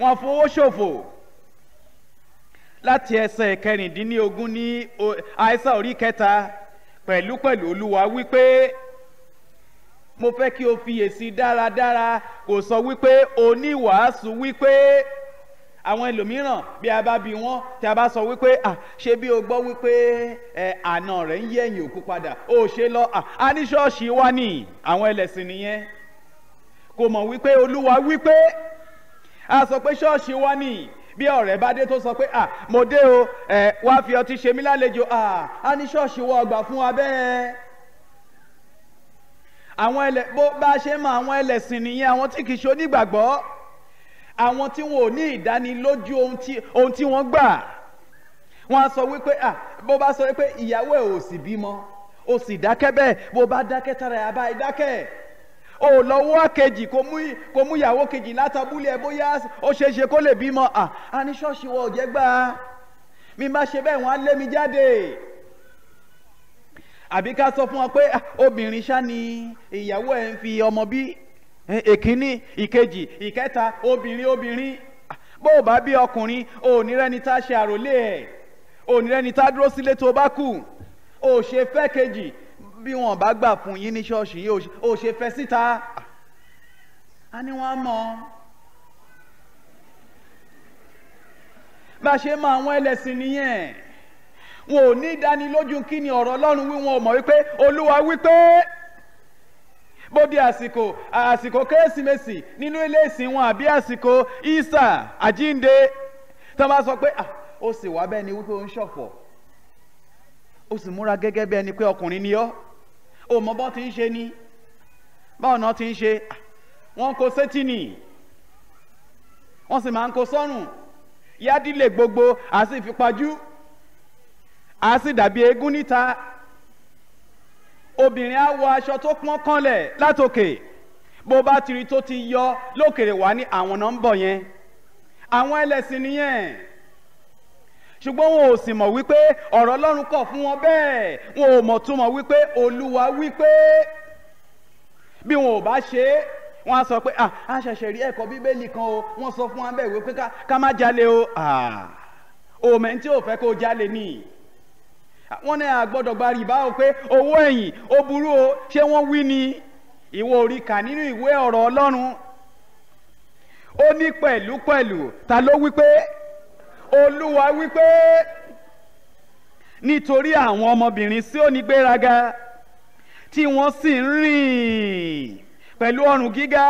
Speaker 1: wọn fowó ṣòfò láti ẹsẹ̀ kẹrìndínlógún ní àìsàn orí kẹta pẹ̀lúpẹ̀lú olúwa wípé mo fẹ́ kí o fiyèsí dáradára kò sọ wípé oníwàásù wípé àwọn ẹlòmíràn bí a bá bi wọ́n tí a bá sọ wípé à ṣé bí o gbọ́ wípé ẹ àna rẹ̀ ń yẹ̀yìn òkú padà ó ṣe lọ à á ní ṣọ́ọ̀ṣì wá ní àwọn ẹlẹ́sìn nìyẹn kò mọ̀ wípé olúwa wípé a sọ pé ṣọ́ọ̀ṣì wá ní bí ọ̀rẹ́ bá dé tó sọ pé à mo dé o ẹ wá fi ọtí ṣe mí lálejò à á ní ṣọ́ọ̀ṣì wọ ọgbà fún wa bẹ́ẹ̀ àwọn ẹlẹ bó bá a ṣe mọ àwọn ẹlẹ́sìn nìyẹn àwọn tí kìí ṣe onígbàgbọ́ àwọn tí wọn ò ní ìdánilójú ohun tí wọ́n gbà wọ́n á sọ wípé à bó bá sọ wípé ìyàwó ẹ̀ ò sì bímọ ó sì dákẹ́ bẹ́ẹ̀ bó bá dákẹ́ tara ẹ̀ abá ẹ̀ dákẹ́ ò lọ́wọ́ àkejì kò mú ìyàwó kejì látàbúlẹ̀ bóyá ó ṣeé ṣe kó lè bímọ à á ní ṣọ́ọ̀ṣì wọn ò jẹ́ gbà mi má ṣe bẹ́ẹ̀ wọ́n á lé mi jáde àbí ká sọ fún wọn pé ah, obìnrin ṣá ni ìyàwó ẹ̀ ń fi ọmọ bí èkíní ìkejì ìkẹta obìnrin obìnrin ah, bó o bá bí ọkùnrin o ò ní rẹ́ni tá a ṣe àròlé ẹ̀ o ò ní rẹ́ni tá a dúró sílé tó bá kù o ò ṣe fẹ́ kejì bí wọn bá gbà fún yín ní ṣọ́ọ̀ṣì yìí o ò ṣe fẹ́ síta a ní wọn mọ bá a ṣe máa wọn ẹlẹ́sìn nìyẹn wọn ò ní ìdánilójú kí ni ọ̀rọ̀ ọlọ́run wí wọn ò mọ̀ wípé olúwa wípé bóde àsìkò àsìkò kérésìmesì nínú ilé ìsìn wọn àbí àsìkò Easter àjínde tó bá sọ pé ó sì wá bẹ́ẹ̀ ni wípé ó ń ṣọ̀fọ̀ ó sì múra gẹ́gẹ́ bí ẹni pé ọkùnrin ni ọ́ ò mọ bọ́ ti ń ṣe ni báwọn náà ti ń ṣe wọ́n kó sétí nì wọ́n sì máa ń kó sọ́rùn yádìlẹ̀ gbogbo àti ìfipajú á sì dàbí eégún níta obìnrin á wọ aṣọ tó pọ́n kànlẹ̀ látòkè bó bá tiri tó ti yọ lókèrè wá ní àwọn náà ń bọ̀ yẹn àwọn ẹlẹ́sìn nìyẹn ṣùgbọ́n wọn ò sì mọ̀ wípé ọ̀rọ̀ Ọlọ́run kọ̀ fún wọn bẹ́ẹ̀ wọn ò mọ̀ túmọ̀ wípé Olúwa wípé bí wọn ò bá ṣe é wọn á sọ pé ah a ṣẹ̀ṣẹ̀ rí ẹ̀kọ́ Bíbélì kan o wọ́n sọ fún wa bẹ́ẹ̀ wípé ká má jalè o ah òmẹ́ntí ò fẹ́ kó jalè nìyí wọ́n ní àgbọ́dọ̀ gba rìbá o pé owó ẹ̀yìn ó burú o ṣé wọ́n wí ni ìwọ orí kà nínú ìwé ọ̀rọ̀ Ọlọ́run ó ní pẹ̀lúpẹ̀lú ta ló wí pé Olúwa wí pé nítorí àwọn ọmọbìnrin sí òní gbéraga tí wọ́n sì ń rìn pẹ̀lú ọrùn gíga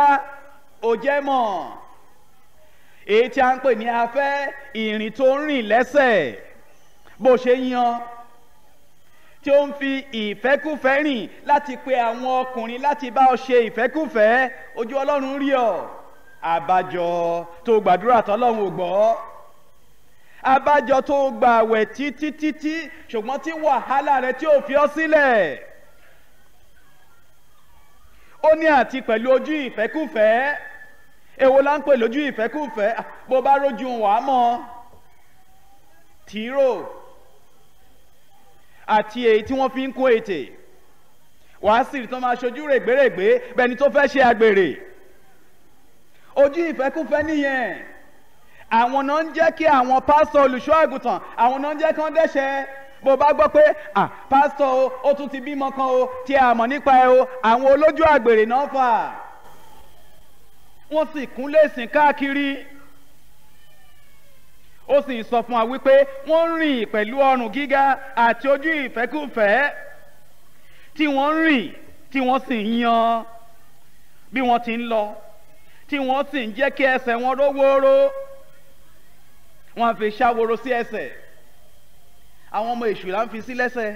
Speaker 1: ó jẹ́ mọ̀ èyí tí a ń pè ní afẹ́ ìrìn tó ń rìn lẹ́sẹ̀ bó ṣe yan tí ó ń fi ìfẹ́kùfẹ́ rìn láti pe àwọn ọkùnrin láti bá ọ ṣe ìfẹ́kùfẹ́ ojú ọlọ́run rí ọ àbájọ tó gbàdúrà tọ́lọ́run ò gbọ́ àbájọ tó gba àwẹ̀ títí títí ṣùgbọ́n tí wàhálà rẹ tí ò fi ọ sílẹ̀ ó ní àti pẹ̀lú ojú ìfẹ́kùfẹ́ èwo la ń pè lójú ìfẹ́kùfẹ́ bó bá rójú wàá mọ́ tìró àti èyí tí wọ́n fi ń kó ètè wàá sì rí tán máa ṣojú règbèrègbè bẹni tó fẹ́ ṣe àgbèrè ojú ìfẹ́kúfẹ́ nìyẹn àwọn náà ń jẹ́ kí àwọn pásítọ̀ olùṣọ́ àgùntàn àwọn náà ń jẹ́ kí wọ́n dẹ́ṣẹ̀ bó bá gbọ́ pé pásítọ̀ o ó tún ti bímọ kan o tí a mọ̀ nípa ẹ o àwọn olójú àgbèrè náà fà wọ́n sì kúnlẹ̀ sìn káàkiri ó sì sọ fún wa wípé wọ́n ń rìn pẹ̀lú ọrùn gíga àti ojú ìfẹ́kùfẹ́ tí wọ́n ń rìn tí wọ́n sì ń yan bí wọ́n ti ń lọ tí wọ́n sì ń jẹ́ kí ẹsẹ̀ wọn rówóró wọ́n fi ṣàwòrò sí ẹsẹ̀ àwọn ọmọ èṣù là ń fi sí lẹ́sẹ̀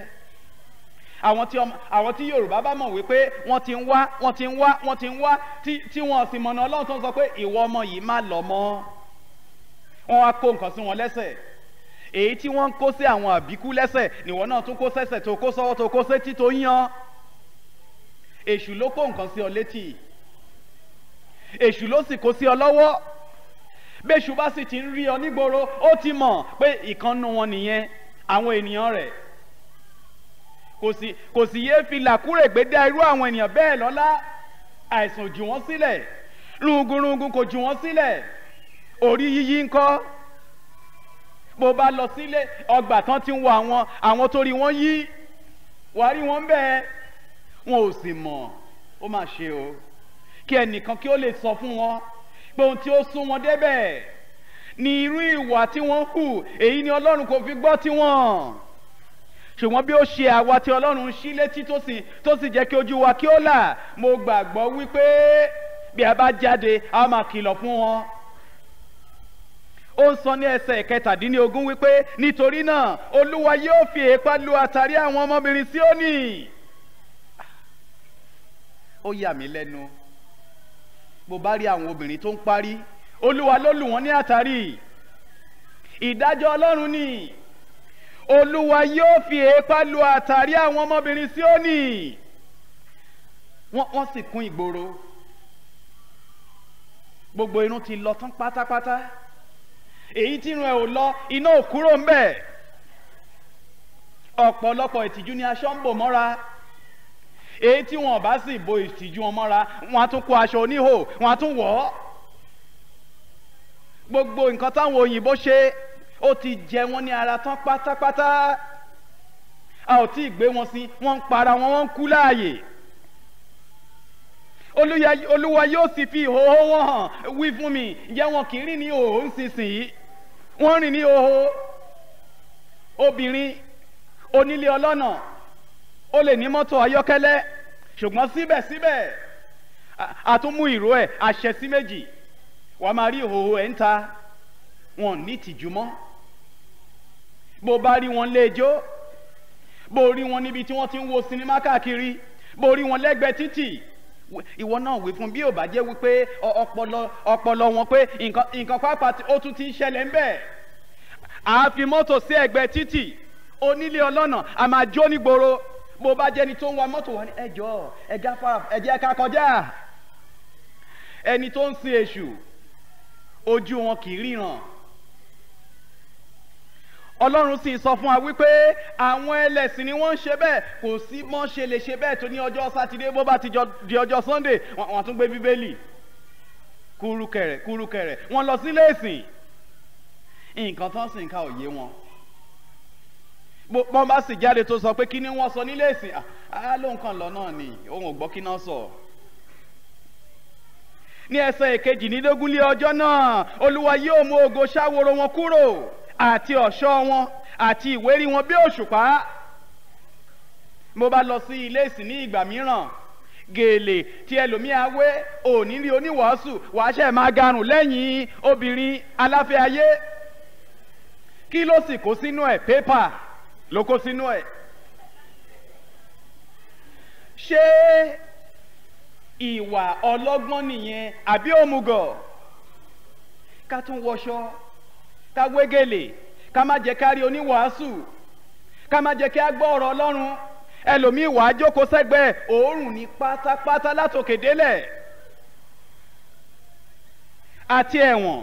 Speaker 1: àwọn tí yorùbá bá mọ̀ wípé wọ́n ti ń wá wọ́n ti ń wá wọ́n ti ń wá tí wọ́n sì mọ̀nà ọlọ́run tó ń sọ pé ìwọ ọmọ yìí má lọ mọ́ wọ́n á kó nǹkan sí wọn lẹ́sẹ̀ èyí tí wọ́n ń kó sí àwọn àbíkú lẹ́sẹ̀ nìwọ náà tún kó sẹ́sẹ̀ tó kó sọ́wọ́ tó kó sétí tó yan èṣù ló kó nǹkan sí ọ létí èṣù ló sì kó sí ọ lọ́wọ́ bẹ́ṣù bá sì ti ń rí ọ nígboro ó ti mọ̀ pé ìkànnù wọn nìyẹn àwọn ènìyàn rẹ̀ kò sì kò sì yéé fi làkúrègbè dá irú àwọn ènìyàn bẹ́ẹ̀ lọ́lá àìsàn jù wọ́n sílẹ̀ rúgurúgun kò jù wọ́n sílẹ̀ orí yíyí ńkọ́ bó bá lọ sílé ọgbà tán ti ń wo àwọn àwọn tó rí wọn yí wàá rí wọn bẹ́ẹ̀ wọn ò sì mọ̀ ó mà ṣe o kí ẹnìkan kí ó lè sọ fún wọn pé ohun tí ó sún wọn débẹ̀ ni irú ìwà tí wọ́n hù èyí ni ọlọ́run kò fi gbọ́ tiwọn ṣùgbọ́n bí ó ṣe àwa tí ọlọ́run ṣí létí tó sì tó sì jẹ́ kí ojú wa kí ó là mo gbàgbọ́ wípé bí a bá jáde a máa kìlọ̀ fún wọn ó ń sọ ní ẹsẹ̀ kẹtàdínlógún wípé nítorí náà olúwa yóò fi èépá lu àtàrí àwọn ọmọbìnrin Síónì ó yà mí lẹ́nu bó bá rí àwọn obìnrin tó ń parí olúwa ló lù wọ́n ní àtàrí ìdájọ́ ọlọ́run ni olúwa yóò fi èépá lu àtàrí àwọn ọmọbìnrin Síónì wọ́n sì kún ìgboro gbogbo irun ti lọ tán pátápátá èyí tí irun ẹ̀ ò lọ iná ò kúrò ń bẹ̀ ọ̀pọ̀lọpọ̀ ìtìjú ni aṣọ ń bò mọ́ra èyí tí wọn bá sì bo ìtìjú wọn mọ́ra wọn á tún kó aṣọ oníhò wọn á tún wọ̀ ọ́ gbogbo nǹkan táwọn òyìnbó ṣe ó ti jẹ wọn ní ara tán pátápátá a ò tí ì gbé wọn sí wọn ń para wọn wọn ń kú láàyè olúwa yóò sì fi ìhòòhò wọn hàn wí fún mi ǹjẹ́ wọn kì í rìn ní òhò ń sinsìnyí wọ́n rìn ní oho obìnrin onílé ọlọ́nà ó lè ní mọ́tò ayọ́kẹ́lẹ́ ṣùgbọ́n síbẹ̀síbẹ̀ àtúmú ìró ẹ̀ àṣẹ sí méjì wàá máa rí ìhòòhò ẹ̀ ń ta wọn ní tìjú mọ́ bó bá rí wọn léjó bó rí wọn níbi tí wọ́n ti ń wo sinimá káàkiri bó rí wọn lẹ́gbẹ̀ẹ́ títì ìwọ náà wí fún bí ò bá jẹ́ wípé ọpọlọ ọpọlọ wọn pé nǹkan pápá ó tún ti ń ṣẹlẹ̀ ńbẹ̀ à a fi mọ́tò sí ẹ̀gbẹ́ títì onílé ọlọ́nà a máa jó nígboro bó bá jẹ́ni tó ń wa mọ́tò wọn ni ẹ jọ ẹ jáfa ẹ jẹ́ ká kọjá ẹni tó ń sin èṣù ojú wọn kì í ríran ọlọ́run sì sọ fún wa wípé àwọn ẹlẹ́sìn ni wọ́n ń ṣe bẹ́ẹ̀ kò sí mọ́ ṣe lè ṣe bẹ́ẹ̀ tó ní ọjọ́ sátidé bó bá ti di ọjọ́ sunday wọ́n tún gbé bíbélì kúrúkẹrẹ kúrúkẹrẹ wọ́n lọ sílé ìsìn nǹkan tán sì ń ka òye wọn bọ́n bá sì jáde tó sọ pé kí ni wọ́n sọ nílé ìsìn á ló ń kàn lọ náà ni òun ò gbọ́ kí náà sọ ní ẹsẹ̀ ìkejìlélógún lé ọjọ́ náà olúwa yóò mú ògo ṣáworo wọn kúrò àti ọ̀ṣọ́ wọn àti ìwérí wọn bí òṣùpá mo bá lọ sí ilé ìsìn ní ìgbà mìíràn gèlè tí ẹlòmíà wé òní rí oníwàásù wàá ṣe máa garùn lẹ́yìn obìnrin aláfẹ́ ayé kí ló sì kó sínú ẹ̀ pépà ló kó sínú ẹ̀. ṣé ìwà ọlọ́gbọ́n nìyẹn àbí òmùgọ̀ ká tún wọṣọ ká wégele ká má jẹ́ ká rí oníwàásù ká má jẹ́ kí á gbọ́ ọ̀rọ̀ ọlọ́run ẹlòmíì wàá jókòó sẹ́gbẹ́ òórùn ní pátápátá látòkè délẹ̀ àti ẹ̀wọ̀n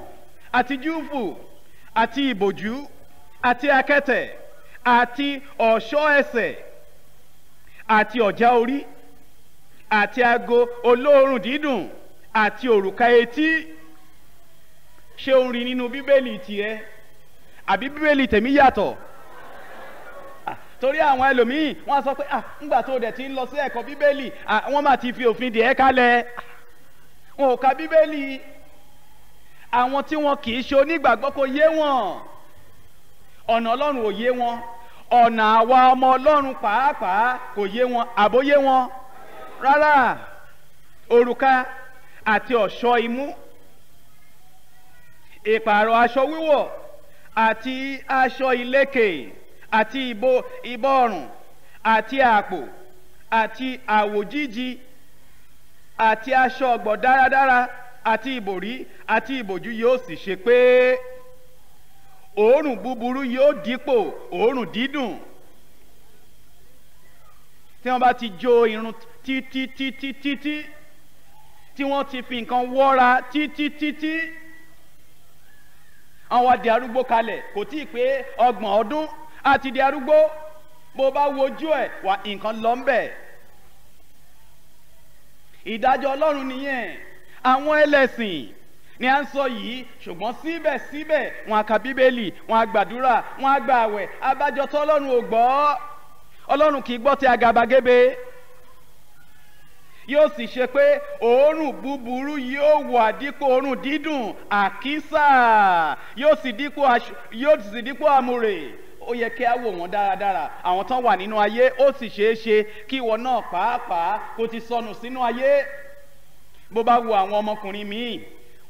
Speaker 1: àti júùfù àti ìbòjú àti akẹ́tẹ̀ àti ọ̀ṣọ́ ẹsẹ̀ àti ọ̀já orí àti ago olóòórùn dídùn àti òrùka etí ṣé o ń rí nínú bíbélì tiẹ̀ àbí bíbélì tèmi yàtọ̀ ah, torí àwọn ẹlòmíì wọ́n sọ pé ah ńgbà tó dẹ̀ ti ń lọ sí ẹ̀kọ́ bíbélì ah, wọ́n máa ti fi òfin dìé kalẹ̀ ah, wọn ò ka bíbélì àwọn tí wọn kì í ṣe onígbàgbọ́ kò yé wọn ọ̀nà ọlọ́run ò yé wọn ọ̀nà àwa ọmọ ọlọ́run pàápàá kò yé wọn àbóyé wọn rárá òrùka àti ọ̀ṣọ́ imú ìpààrọ̀ aṣọ wíwọ̀ àti aṣọ ìlékè àti ìbò ìbọ̀rùn àti àpò àti àwòjíji àti aṣọ ọ̀gbọ̀ dáradára àti ìbòrí àti ìbòjú yóò sì ṣe pé òórùn búburú yóò dípò òórùn dídùn tí wọ́n bá ti jó irun títí títí títí tí wọ́n ti fi nǹkan wọ́ra títí títí àwọn adì arúgbó kalẹ̀ kò tí ì pé ọgbọ̀n ọdún àti di arúgbó bó bá wojú ẹ̀ wà nǹkan lọ ń bẹ̀. ìdájọ́ ọlọ́run nìyẹn àwọn ẹlẹ́sìn ni à ń sọ yìí ṣùgbọ́n síbẹ̀síbẹ̀ wọn á ka bíbélì wọn á gbàdúrà wọn á gba àwẹ̀ abájọ tó ò gbọ́ ọlọ́run kì í gbọ́ ti àgàbàgebè yóò sì ṣe pé òórùn búburú yóò wà dípò òórùn dídùn àkísà yóò sì dípò amúre ó yẹ kí a wò wọ́n dáradára àwọn tán wà nínú ayé ó sì ṣeé ṣe kí ìwọ náà pàápàá kó ti sọnù sínú ayé bó bá wo àwọn ọmọkùnrin míì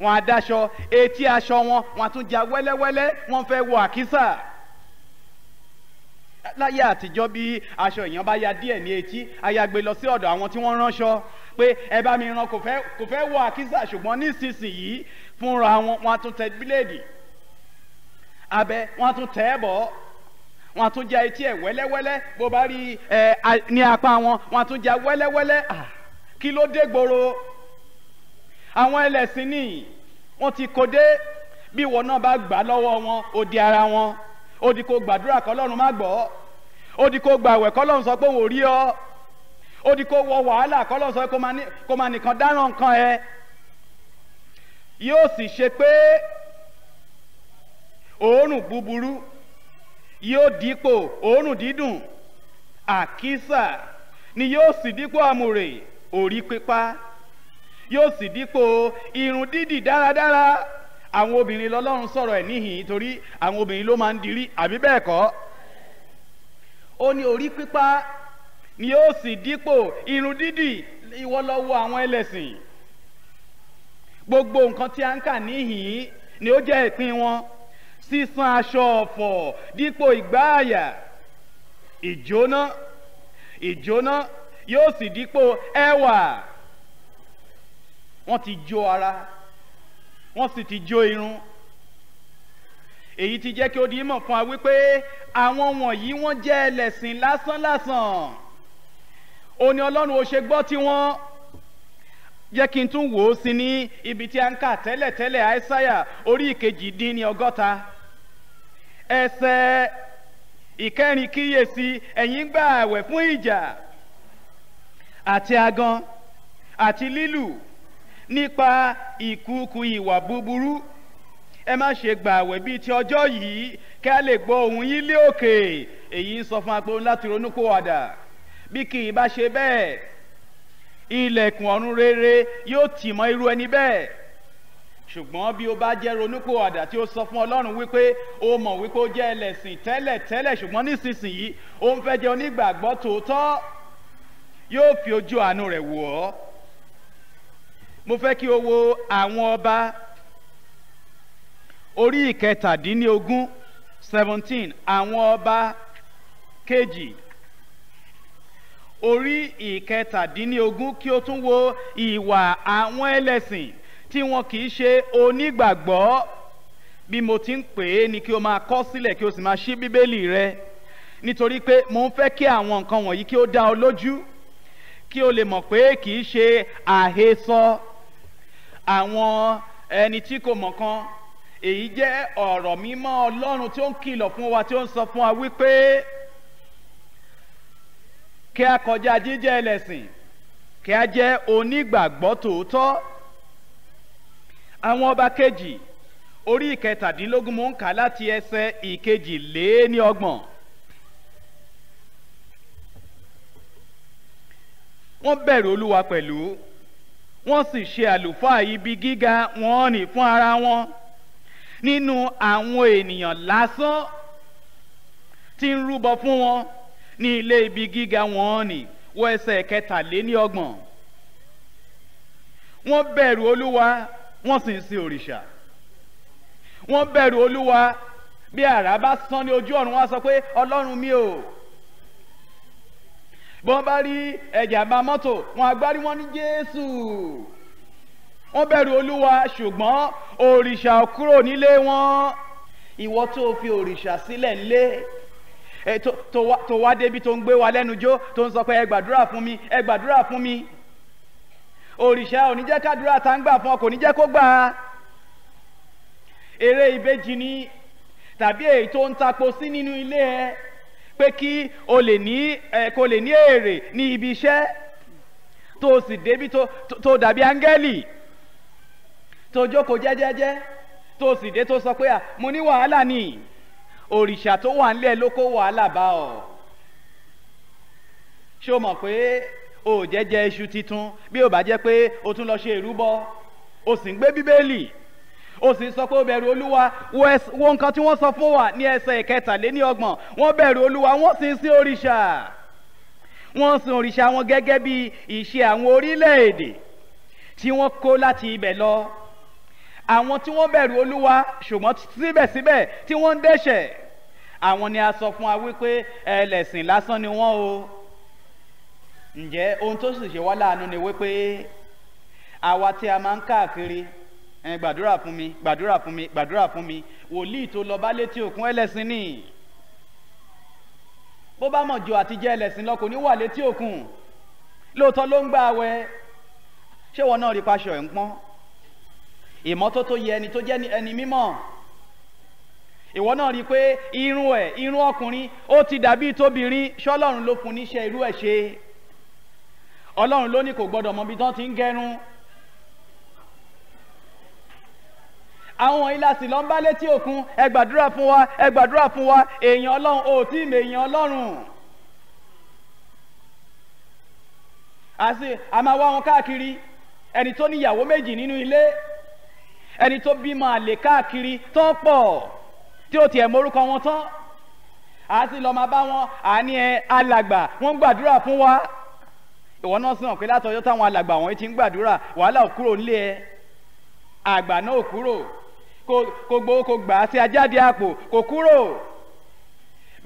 Speaker 1: wọn á dáṣọ etí aṣọ wọn wọn á tún ja wẹ́lẹ́wẹ́lẹ́ wọn fẹ́ wọ àkísà láyé àtijọ́ bí aṣọ èèyàn bá ya díẹ̀ ní etí ayagbe lọ sí ọ̀dọ̀ àwọn tí wọ́n ránṣọ pé ẹ bá mi rán kò fẹ́ kò fẹ́ wọ àkísà ṣùgbọ́n nísinsìnyí fúnra wọn wọn tún tẹ bíléèdì abẹ wọn tún tẹ ẹ bọ̀ wọn tún ja etí ẹ wẹ́lẹ́wẹ́lẹ́ bó bá rí ẹ ní apá wọn wọn tún ja wẹ́lẹ́wẹ́lẹ́ ah, kí ló dé gbòòrò àwọn ẹlẹ́sìn nìyí wọ́n ti kó dé bí wọn náà bá gbà lọ́wọ́ wọn ó ara wọn ó di kó gbàdúrà kọ́lọ́run má gbọ́ ó di kó gbàwẹ̀ kọ́lọ́run sọ pé òun ò rí ọ ó di kó wọ wàhálà kọ́lọ́run sọ pé kó máa nìkan dáràn nǹkan ẹ yóò sì ṣe pé òórùn búburú yóò dípò òórùn dídùn àkísà ni yóò sì dípò àmùrè orí pípa yóò sì dípò irun dídì dáradára àwọn obìnrin lọ́lọ́run sọ̀rọ̀ ẹ̀ níhìn torí àwọn obìnrin ló máa ń dirí àbí bẹ́ẹ̀ kọ́ ó ní orí pípa ni ó sì dípò irun dídì ìwọ lọ wo àwọn ẹlẹ́sìn gbogbo nǹkan tí a ń kà níhìn ni ó jẹ́ ìpín wọn sísan aṣọ ọ̀fọ̀ dípò ìgbà àyà ìjóná ìjóná yóò sì dípò ẹwà wọ́n ti jó ara wọ́n sì ti jó irun èyí ti jẹ́ kí ó di mọ̀ fún wa wípé àwọn wọ̀nyí wọ́n jẹ́ ẹlẹ́sìn lásánlásán ó ní ọlọ́run ó ṣe gbọ́ tiwọn jẹ́ kí n tún wò ó sí ní ibi tí a ń kà tẹ́lẹ̀tẹ́lẹ̀ àìsáyà orí ìkejì dín ní ọgọ́ta ẹsẹ̀ ìkẹrin kíyèsí ẹ̀yin gbà àwẹ̀ fún ìjà àti agan àti lílù nípa ìkúùkù ìwà búburú ẹ má ṣe gbà àwẹ̀ bíi ti ọjọ́ yìí kí a lè gbọ́ ohùn yín lé òkè èyí ń sọ fún apẹ̀wọ̀n láti ronúkúwàdà bí kì í bá ṣe bẹ́ẹ̀ ilẹ̀kùn ọ̀run rere yóò tì mọ́ irú ẹni bẹ́ẹ̀ ṣùgbọ́n bí o bá jẹ́ ronúpìwàdà tí o sọ fún ọlọ́run wípé o mọ̀ wípé o jẹ́ ẹlẹ́sìn tẹ́lẹ̀ tẹ́lẹ̀ ṣùgbọ́n nísinsìnyí o ń fẹ́ jẹ́ onígbàgbọ́ tòótọ́ yóò fi ojú àánú rẹ̀ wò ọ́ mo fẹ́ kí o wo àwọn ọba orí ìkẹtàdínlógún seventeen àwọn ọba kejì orí ìkẹtàdínlógún kí o tún wo ìwà àwọn ẹlẹ́sìn tí wọn kì í ṣe onígbàgbọ́ bí mo ti ń pè é ni kí o máa kọ́ sílẹ̀ kí o sì máa ṣí bíbélì rẹ nítorí pé mo ń fẹ́ kí àwọn nǹkan wọ̀nyí kí ó dá ọ lójú kí o lè mọ̀ pé kì í ṣe àhesọ àwọn ẹni tí kò mọ̀ kan èyí jẹ́ ọ̀rọ̀ mímọ́ ọlọ́run tí ó ń kìlọ̀ fún wa tí ó ń sọ fún wa wípé kí a kọjá jíjẹ́ ẹlẹ́sìn kí a jẹ́ onígbàgbọ́ tòótọ́ àwọn ọba kejì orí ìkẹtàdínlógún mò ń kà láti ẹsẹ̀ ìkejì lé ní ọgbọ̀n. wọ́n bẹ̀rù olúwa pẹ̀lú wọ́n sì ṣe àlùfáà ibi gíga wọn ní fún ara wọn nínú àwọn ènìyàn lásán tí ń rúbọ fún wọn ní ilé ibi gíga wọn ní wọ ẹsẹ̀ kẹtàléníọgbọ̀n wọ́n bẹ̀rù olúwa wọ́n sì ń sin òrìṣà wọ́n bẹ̀rù olúwa bí àrá bá sán ní ojú ọ̀run wọ́n sọ pé ọlọ́run mi ò bọ́n bá rí ẹ̀jẹ̀ àbá mọ́tò wọn agbárí wọn ní jésù wọ́n bẹ̀rù olúwa ṣùgbọ́n òrìṣà kúrò nílé wọn ìwọ tó fi òrìṣà sílẹ̀ ńlé tó wá débi tó ń gbé wa lẹ́nu jó tó ń sọ pé ẹ gbàdúrà fún mi ẹ gbàdúrà fún mi òrìṣà ò ní jẹ́ kádúrà tá ń gbà fún ọ kò ní jẹ́ kó gbà á eré ìbejì ni tàbí èyí tó ń tapo sí nínú ilé ẹ pé kí o lè ní ẹ kó lè ní èrè ní ibi iṣẹ́ tó o sì débi tó tó dàbí áńgẹ́lì tó jókòó jẹ́jẹ́jẹ́ tó o sì dé tó sọ pé à mo ní wàhálà ni òrìṣà tó wà nílẹ̀ ló kó wàhálà bá ọ ṣé o mọ̀ pé o ò jẹ́ jẹ iṣu titun bí o bá jẹ́ pé o tún lọ ṣe ìrúbọ o sì ń gbé bíbélì ó sì sọ pé ó bẹ̀rù olúwa wo nǹkan tí wọ́n sọ fún wa ní ẹsẹ̀ ìkẹtàléní ọgbọ̀n wọ́n bẹ̀rù olúwa wọ́n sì ń sin òrìṣà wọ́n sin òrìṣà wọn gẹ́gẹ́ bí ìṣe àwọn orílẹ̀-èdè tí wọ́n kó láti ibẹ̀ lọ àwọn tí wọ́n bẹ̀rù olúwa ṣùgbọ́n síbẹ̀síbẹ̀ tí wọ́n ń dẹ́ṣẹ̀ àwọn ni a sọ fún wa wípé ẹlẹ́sìn lásán ni wọ́n o ǹjẹ́ ohun tó sì ṣe wá láàánú ni wípé àwa tí a máa ń káàkiri ẹ gbàdúrà fún mi gbàdúrà fún mi gbàdúrà fún mi wòlíì tó lọ bá létí òkun ẹlẹ́sìn ni bó bá mọ̀ jọ àti jẹ́ ẹlẹ́sìn lọ kò ní wà létí òkun lóòótọ́ ló ń gbà àwẹ̀ ṣé wọn náà rí paṣọ ẹ̀ ń pọ́n ìmọ́tótó yẹ ẹni tó jẹ́ ẹni mímọ́ ìwọ náà rí i pé irun ẹ̀ irun ọkùnrin ó ti dàbí tóbìnrin ṣọlọ́run ló fún níṣẹ́ irú ẹ̀ ṣe ọlọ́run ló ní kò gbọ́dọ̀ mọ tán ti ń gẹrun àwọn ilà sì lọ ń bá létí òkun ẹ gbàdúrà fún wa ẹ gbàdúrà fún wa èèyàn ọlọ́run ò tí ì mọ èèyàn ọlọ́run. àti a máa wá wọn káàkiri ẹni tó níyàwó méjì nínú ilé ẹni tó bímọ àlè káàkiri tó pọ̀ tí ó tiẹ̀ mórúkọ wọn tán a lọ́ọ́ máa bá wọn àní ẹ alàgbà wọ́n gbàdúrà fún wa ìwọ náà sàn pé látọjọ́ táwọn alàgbà wọn ti ń gbàdúrà wàhálà ò kúrò nílé ẹ àgbà náà ò kúrò kò gbowó kò gbà á sí ajáde àpò kò kúrò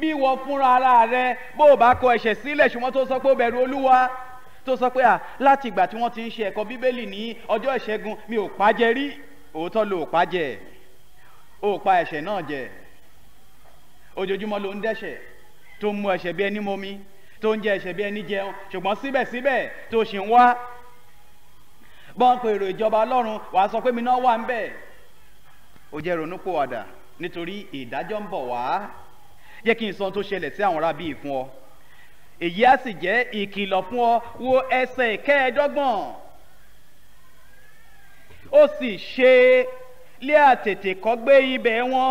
Speaker 1: bí wọ́n fúnra ara rẹ bó o bá kọ ẹ̀ṣẹ̀ sílẹ̀ ṣùgbọ́n tó sọ pé ó bẹ̀rù olúwa tó sọ pé à láti ìgbà tí wọ́n ti ń ṣe ẹ̀kọ́ bíbélì ní ọjọ́ ìṣẹ́gun mi ò pàjẹ́ rí òótọ́ ló ò pàjẹ́ ó pa ẹ̀ṣẹ̀ náà jẹ ojoojúmọ́ ló ń dẹ́ṣẹ̀ tó ń mu ẹ̀ṣẹ̀ bí ẹni momi tó ń jẹ ẹ̀ṣẹ̀ bí ẹni jẹun ṣùgbọ́n síbẹ̀síbẹ̀ tó ṣì ń wá bọ́n pèrò ìjọba ọlọ́run wàá sọ pé mi náà wà ń bẹ̀ ó jẹ́ ronúpòwàdà nítorí ìdájọ́ ń bọ̀ wá jẹ́ kí n sọ ohun tó ṣẹlẹ̀ sí àwọn rábì fún ọ èyí á sì jẹ́ ìkìlọ̀ fún ọ wo ẹsẹ̀ kẹẹ̀ẹ́dọ́gbọ̀n ó sì ṣe lé àtètè kọ́gbé ibẹ̀ wọn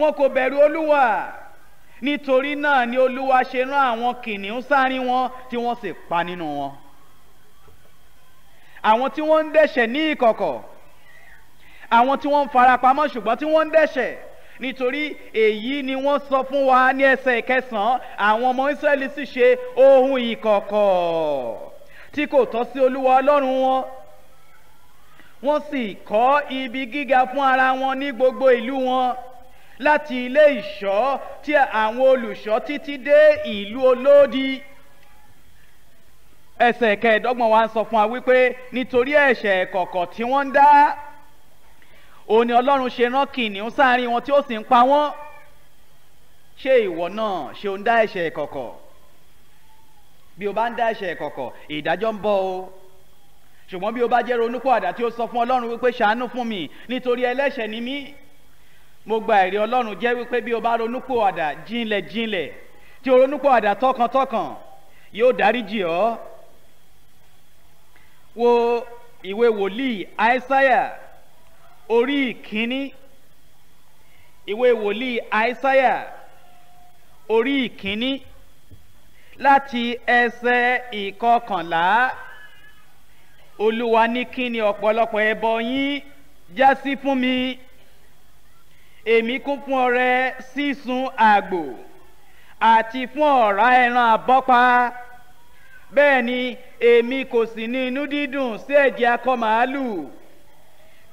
Speaker 1: wọn kò bẹ̀rù olúwa nítorí náà ni olúwa ṣe rán àwọn kìnìún sáárín wọn tí wọ́n sì pa nínú wọn àwọn tí wọ́n ń dẹ́ṣẹ̀ ní ìkọ̀kọ̀ àwọn tí wọ́n ń farapamọ́ ṣùgbọ́n tí wọ́n ń dẹ́ṣẹ̀ nítorí èyí ni wọ́n sọ fún wa ní ẹsẹ̀ kẹsàn-án àwọn ọmọ Ísírẹ́lì sì ṣe ohun ìkọ̀kọ̀ tí kò tọ́ sí Olúwa Ọlọ́run wọn wọ́n sì kọ́ ibi gíga fún ara wọn ní gbogbo ìlú wọn láti ilé ìṣọ́ tí àwọn olùṣọ́ títí dé ìlú olódi ẹsẹ̀ kẹẹ̀dọ́gbọ̀n wa ń sọ fún wa wípé nítorí ẹ̀ṣẹ̀ kọ̀kọ̀ tí wọ́n ń dá òun ni ọlọ́run ṣe rán kìnìún sáàrin wọn tí ó sì ń pa wọ́n ṣé ìwọ náà ṣe ń dá ẹ̀ṣẹ̀ kọ̀kọ̀ bí o bá ń dá ẹ̀ṣẹ̀ kọ̀kọ̀ ìdájọ́ ń bọ̀ o ṣùgbọ́n bí o bá jẹ́ ronúpọ̀àdà tí o sọ fún ọlọ́run wípé ṣàánú fún mi nítorí ẹlẹ́ṣẹ̀ ni mí mo gba ẹ̀rí ọlọ́run jẹ́ wípé bí o bá ronúpọ̀àdà jinlẹ̀ jinlẹ̀ tí o ronúpọ̀àdà tọkàntọkàn yóò dáríjì ọ́ wo ìwé wòlíì àìsáyà orí ìkíní ìwé wòlíì àìsáyà orí ìkíní láti ẹsẹ̀ ìkọkànlá olúwa ní kí ni ọ̀pọ̀lọpọ̀ ẹbọ yín já sí fún mi èmi kún fún ọrẹ sísun àgbò àti fún ọ̀rá ẹran àbọ́pa bẹ́ẹ̀ ni èmi kò sì ní inú dídùn sí ẹ̀jẹ̀ akọ màálù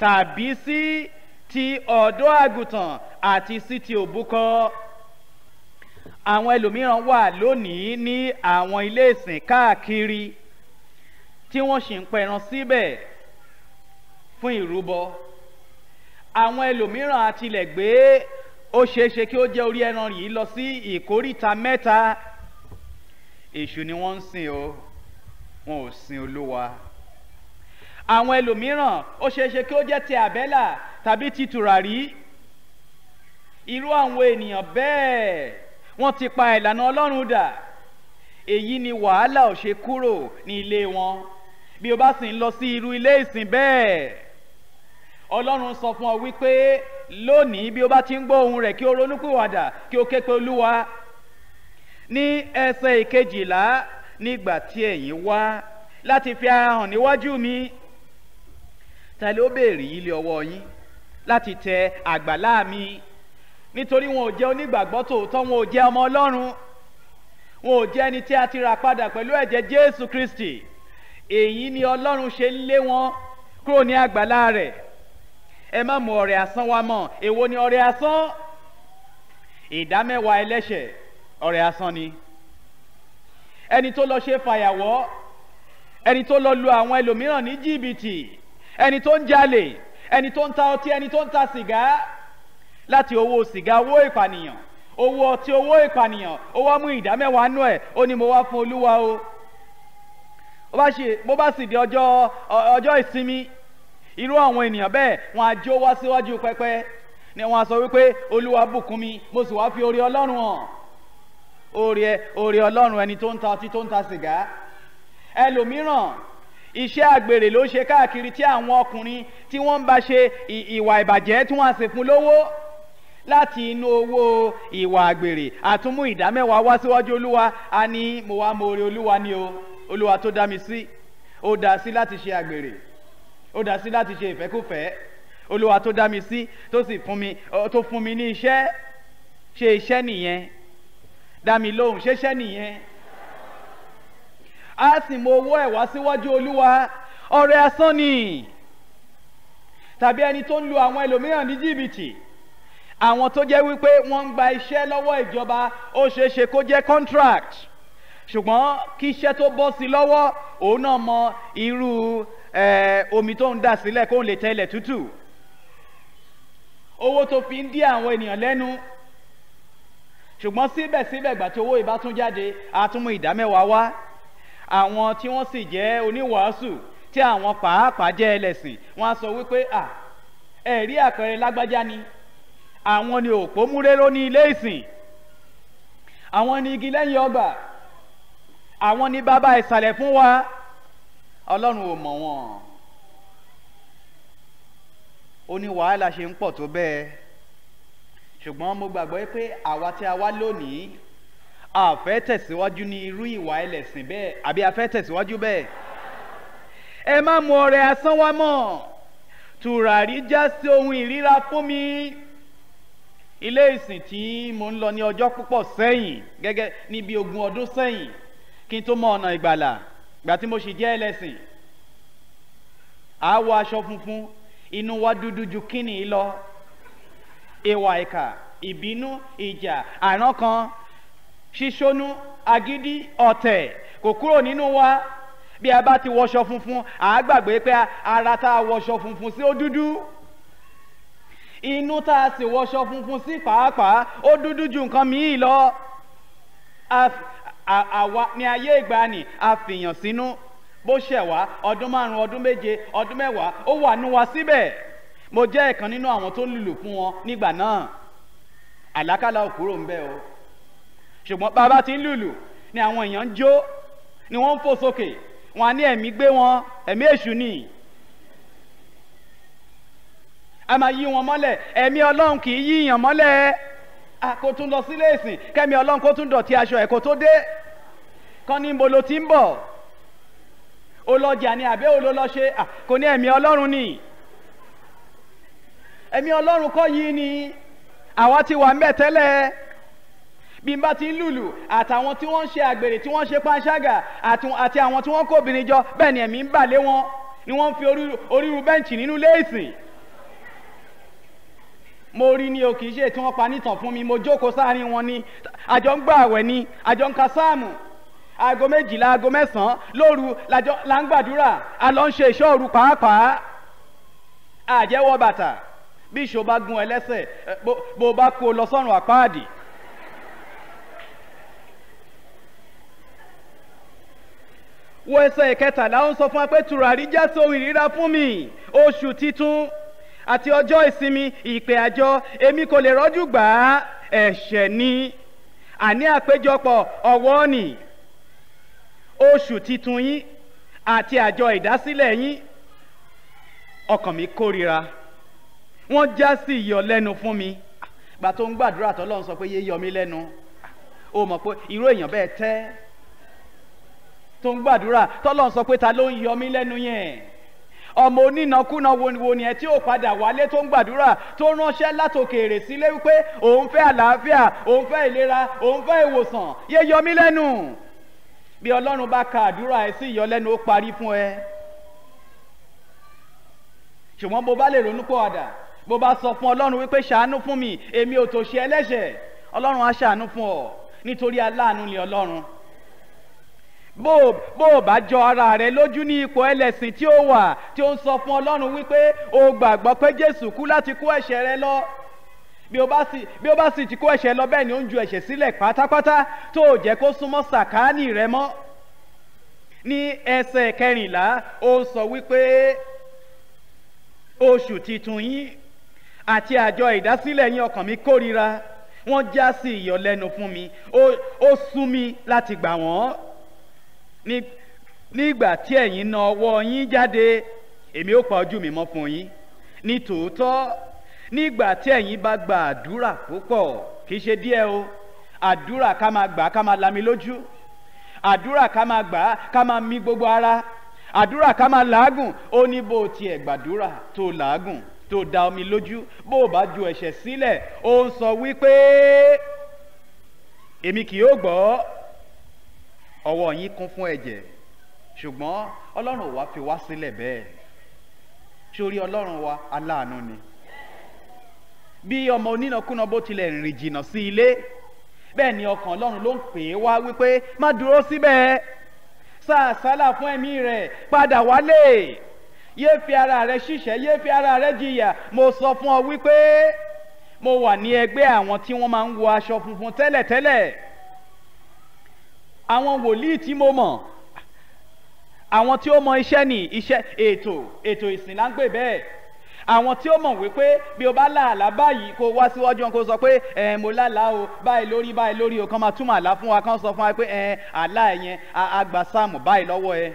Speaker 1: tàbí sí ti ọ̀dọ́ àgùntàn àti sí ti òbúkọ. àwọn ẹlòmíràn wà lónìí ní àwọn ilé ìsìn káàkiri tí wọ́n sì ń pẹran síbẹ̀ fún ìrúbọ. àwọn ẹlòmíràn àtilẹ̀ gbé ó ṣeéṣe kí ó jẹ́ orí ẹran yìí lọ sí ìkórìta mẹ́ta èṣù ni wọ́n ń sìn o wọn ò sin olúwa àwọn ẹlòmíràn ó ṣeéṣe kí ó jẹ́ ti àbẹ́là tàbí ti tùràrí irú àwọn ènìyàn bẹ́ẹ̀ wọ́n ti pa ìlànà ọlọ́run dà èyí ni wàhálà ò ṣe kúrò ní ilé wọn bí o bá sì ń lọ sí irú ilé ìsìn bẹ́ẹ̀ ọlọ́run sọ fún ọ wípé lónìí bí o bá ti ń gbọ́ ohun rẹ̀ kí o ronúpìwàdà kí o ké pe olúwa ní ẹsẹ̀ ìkejìlá nígbà tí ẹ̀yin wá láti fi ara hàn níwájú mi ta ló béèrè yìí lé ọwọ́ yín láti tẹ àgbàlá mi nítorí wọn ò jẹ́ onígbàgbọ́ tòótọ́ wọn ò jẹ́ ọmọ ọlọ́run wọn ò jẹ́ ẹni tí a ti rà padà pẹ̀lú ẹ̀jẹ̀ jésù kristi èyí ni ọlọ́run ṣe ń lé wọn kúrò ní àgbàlá rẹ̀ ẹ má mú ọrẹ asán wa mọ èwo ni ọrẹ asán ìdá ẹlẹ́ṣẹ̀ ọrẹ asán ni ẹni tó lọ ṣe fàyàwọ́ ẹni tó lọ lu àwọn ẹlòmíràn ní jìbìtì ẹni tó ń jalè ẹni tó ń ta ọtí ẹni tó ń ta sìgá láti owó sìgá owó ìpànìyàn owó ọtí owó ìpànìyàn ó wá mú ìdá mẹ́wàá nú ẹ̀ ó ní mo wá fún olúwa o bó bá ṣe bó bá sì di ọjọ́ ọjọ́ ìsinmi irú àwọn ènìyàn bẹ́ẹ̀ wọn á jó wá síwájú pẹpẹ ni wọn á sọ wípé olúwa bùkún mi mo sì wá fi oore ọlọ́run hàn oore ọlọ́run ẹni tó ń ta ọtí tó ń ta sìgá ẹlòmíràn iṣẹ́ àgbèrè ló ṣe káàkiri tí àwọn ọkùnrin tí wọ́n ń bá ṣe ìwà ìbàjẹ́ tí wọ́n á sì fún lówó láti inú owó ìwà àgbèrè àtúmú ìdámẹ́wàá wá síwájú olúwa a ní mo wá mo re olúwa ni o olúwa tó dá mi sí ó dá sí láti ṣe àgbèrè ó dá sí láti ṣe ìfẹ́kùfẹ́ olúwa tó dá mi sí tó sì fún mi tó fún mi ní iṣẹ́ ṣe iṣẹ́ nìyẹn dá mi lóhùn ṣe iṣẹ́ nìyẹn a sì mú owó ẹ̀ wá síwájú olúwa ọrẹ asán ni tàbí ẹni tó ń lu àwọn ẹlòmíràn ní jìbìtì àwọn tó jẹ́ wípé wọ́n ń gba iṣẹ́ lọ́wọ́ ìjọba ó ṣeé ṣe kó jẹ́ contract ṣùgbọ́n kí iṣẹ́ tó bọ́ sí lọ́wọ́ òun náà mọ irú omi tó ń dà sílẹ̀ kó lè tẹ́lẹ̀ tútù owó tó fi ń dí àwọn ènìyàn lẹ́nu ṣùgbọ́n síbẹ̀síbẹ̀ gbà owó ìbá jáde a tún wá àwọn tí wọ́n sì jẹ́ oníwàásù tí àwọn pàápàá jẹ́ ẹlẹ́sìn wọ́n á sọ wípé à ẹ̀rí àpẹẹrẹ lágbájá ni àwọn ni òpó múréró ní ilé ìsìn àwọn ni igi lẹ́yìn ọgbà àwọn ni bàbá ìsàlẹ̀ fún wa ọlọ́run ò mọ̀ wọ́n ó ní wàhálà ṣe ń pọ̀ tó bẹ́ẹ̀ ṣùgbọ́n mo gbàgbọ́ pé àwa tí a wá lónìí a fẹ́ tẹ̀síwájú ní irú ìwà ẹlẹ́sìn bẹ́ẹ̀ àbí a fẹ́ tẹ̀síwájú bẹ́ẹ̀ ẹ má mu ọrẹ asán wá mọ́ tùràrí já sí ohun ìríra fún mi ilé ìsìn tí mo ń lọ ní ọjọ́ púpọ̀ sẹ́yìn gẹ́gẹ́ níbi ogún ọdún sẹ́yìn kí n tó mọ ọ̀nà ìgbàlà ìgbà tí mo sì jẹ́ ẹlẹ́sìn àá wọ aṣọ funfun inú wa dúdú ju kíni lọ ìwà ìkà ìbínú ìjà àrán ṣíṣónú agídí ọ̀tẹ̀ kò kúrò nínú wa bí a bá ti wọṣọ funfun à á gbàgbé pé ara tá a wọṣọ funfun sí ó dúdú inú tá a sì wọṣọ funfun sí pàápàá ó dúdú ju nǹkan míì lọ àwa ní ayé ìgbani a fìyàn sínú bó ṣẹ̀ wá ọdún márùn-ún ọdún méje ọdún mẹ́wàá ó wà nú wa síbẹ̀ mo jẹ́ ẹ̀kan nínú àwọn tó lùlù fún wọn nígbà náà àlákàlà òkúrò ń bẹ o ṣùgbọ́n bàbá ti ń lùlù ni àwọn èèyàn ń jó ni wọ́n ń fò sókè wọn á ní ẹ̀mí gbé wọn ẹ̀mí èṣù ni a máa yí wọn mọ́lẹ̀ ẹ̀mí ọlọ́run kì í yí yàn mọ́lẹ̀ kó tún lọ sílé ìsìn kẹ́mi ọlọ́run kó tún dọ̀tí aṣọ ẹ̀ kó tó dé kan ní mo ti ń bọ̀ olọjà ni àbẹ́ olo lọ ṣe kò ní ẹ̀mí ọlọ́run ni ẹ̀mí ọlọ́run kọ́ yìí ni àwa ti wà ń bẹ̀ tẹ́lẹ̀ bí n bá ti ń lùlù àtàwọn tí wọ́n ń ṣe àgbèrè tí wọ́n ń ṣe panṣágà àti àwọn tí wọ́n kó obìnrin jọ bẹ́ẹ̀ ni ẹ̀mí ń bà lé wọn ni wọ́n ń fi oríru bẹ́ǹchì nínú léèsì mo rí ni o kì í ṣe tí wọ́n pa nítàn fún mi mo jókòó sáárín wọn ni àjọ ń gbà àwẹ̀ ni àjọ ń ka sáàmù aago méjìlá aago mẹ́sàn-án lóru la ń gbàdúrà a lọ ń ṣe ìṣọ́ òru pàápàá àjẹwọ́ bàtà bí ìṣó bá gun ẹlẹ́sẹ̀ bó bá kó lọ sọ́run àpáàdì wo ẹsẹ̀ ìkẹtàlá ó ń sọ fún wa pé tùràrí jẹ́ so ìríra fún mi oṣù titun àti ọjọ́ ìsinmi ìpè àjọ èmi kò lè rọ́jú gbà á ẹ̀ṣẹ̀ ni àní àpéjọpọ̀ ọ̀wọ́ nì oṣù titun yín àti àjọ ìdásílẹ̀ yín ọkàn mi kórira wọ́n já sí ìyọlẹ́nu fún mi gbà tó ń gbàdúrà tọ́lọ́run sọ pé yé yọ mí lẹ́nu o mọ̀ pé irú èèyàn bẹ́ẹ̀ tẹ́ tó ń gbàdúrà tọ́lọ́run sọ pé ta ló ń yọ mí lẹ́nu yẹn ọmọ onínàkúnà wo ni ẹ tí ó padà wálé tó ń gbàdúrà tó ránṣẹ́ látòkèèrè sílé wípé òun fẹ́ àlàáfíà òun fẹ́ ìlera òun fẹ́ ìwòsàn yé yọ mí lẹ́nu bí ọlọ́run bá ka àdúrà ẹ sí ìyọlẹ́nu ó parí fún ẹ ṣùgbọ́n bó bá lè ronú pọ̀ àdà bó bá sọ fún ọlọ́run wípé ṣàánú fún mi èmi ò tòṣì ẹlẹ́ṣẹ̀ ọlọ́run á ṣàánú fún ọ nítorí aláàánú ni ọlọ́run bó bó o bá jọ ara rẹ lójú ní ipò ẹlẹ́sìn tí ó wà tí ó ń sọ fún ọlọ́run wípé o gbàgbọ́ pé jésù kú láti kó ẹ̀ṣẹ̀ rẹ lọ bí o bá sì bí o bá sì ti kó ẹ̀ṣẹ̀ lọ bẹ́ẹ̀ ni ó ń ju ẹ̀ṣẹ̀ sílẹ̀ pátápátá tó o jẹ́ kó súnmọ́ sàkáání rẹ mọ́ ní ẹsẹ̀ kẹrìnlá ó sọ wípé oṣù titun yín àti àjọ ìdásílẹ̀ yín ọkàn mi kórira wọ́n já sí ìyọlẹ́nu fún mi ó sú mi láti gbà wọ́n nígbà tí ẹ̀yin na ọwọ́ yín jáde èmi ó pa ojú mi mọ́ fún yín ní tòótọ́ nígbà tí ẹ̀yin bá gba àdúrà púpọ̀ kì í ṣe díẹ̀ o àdúrà ká máa gbà ká máa lami lójú àdúrà ká máa gbà ká máa mí gbogbo ara àdúrà ká máa làágùn ó ní bó o tiẹ̀ gbàdúrà tó làágùn tó da omi lójú bó o bá ju ẹ̀ṣẹ̀ sílẹ̀ ó ń sọ wípé èmi kì yóò gbọ́ ọwọ́ yín kún fún ẹ̀jẹ̀ ṣùgbọ́n ọlọ́run ò wá fi wá sílẹ̀ bẹ́ẹ̀ sórí ọlọ́run wa aláàánú ni bí ọmọ onínàkúnà bó tilẹ̀ rìn jìnnà sí ilé bẹ́ẹ̀ ni ọkàn ọlọ́run ló ń pè é wá wípé má dúró síbẹ̀ sàásálà fún ẹ̀mí rẹ̀ padà wálé yéé fi ara rẹ̀ ṣìṣẹ́ yéé fi ara rẹ̀ jìyà mo sọ fún ọ wípé mo wà ní ẹgbẹ́ àwọn tí wọ́n máa ń wọ aṣọ funfun tẹ́lẹ̀tẹ́lẹ̀. Tẹ́lẹ̀ àwọn wòlíì tí mo mọ̀ àwọn tí ó mọ iṣẹ́ ní iṣẹ́ ètò ètò ìsìn là ń pè bẹ́ẹ̀ àwọn tí ó mọ̀ wípé bí o bá làálàá báyìí kó wá síwájú wọn kó sọ pé ẹ mo lálàá o báyìí lórí báyìí lórí o kàn máa túmọ̀ àlá fún wa kàn sọ fún wa pé ẹ àlá ẹ yẹn àgbà sáàmù báyìí lọ́wọ́ ẹ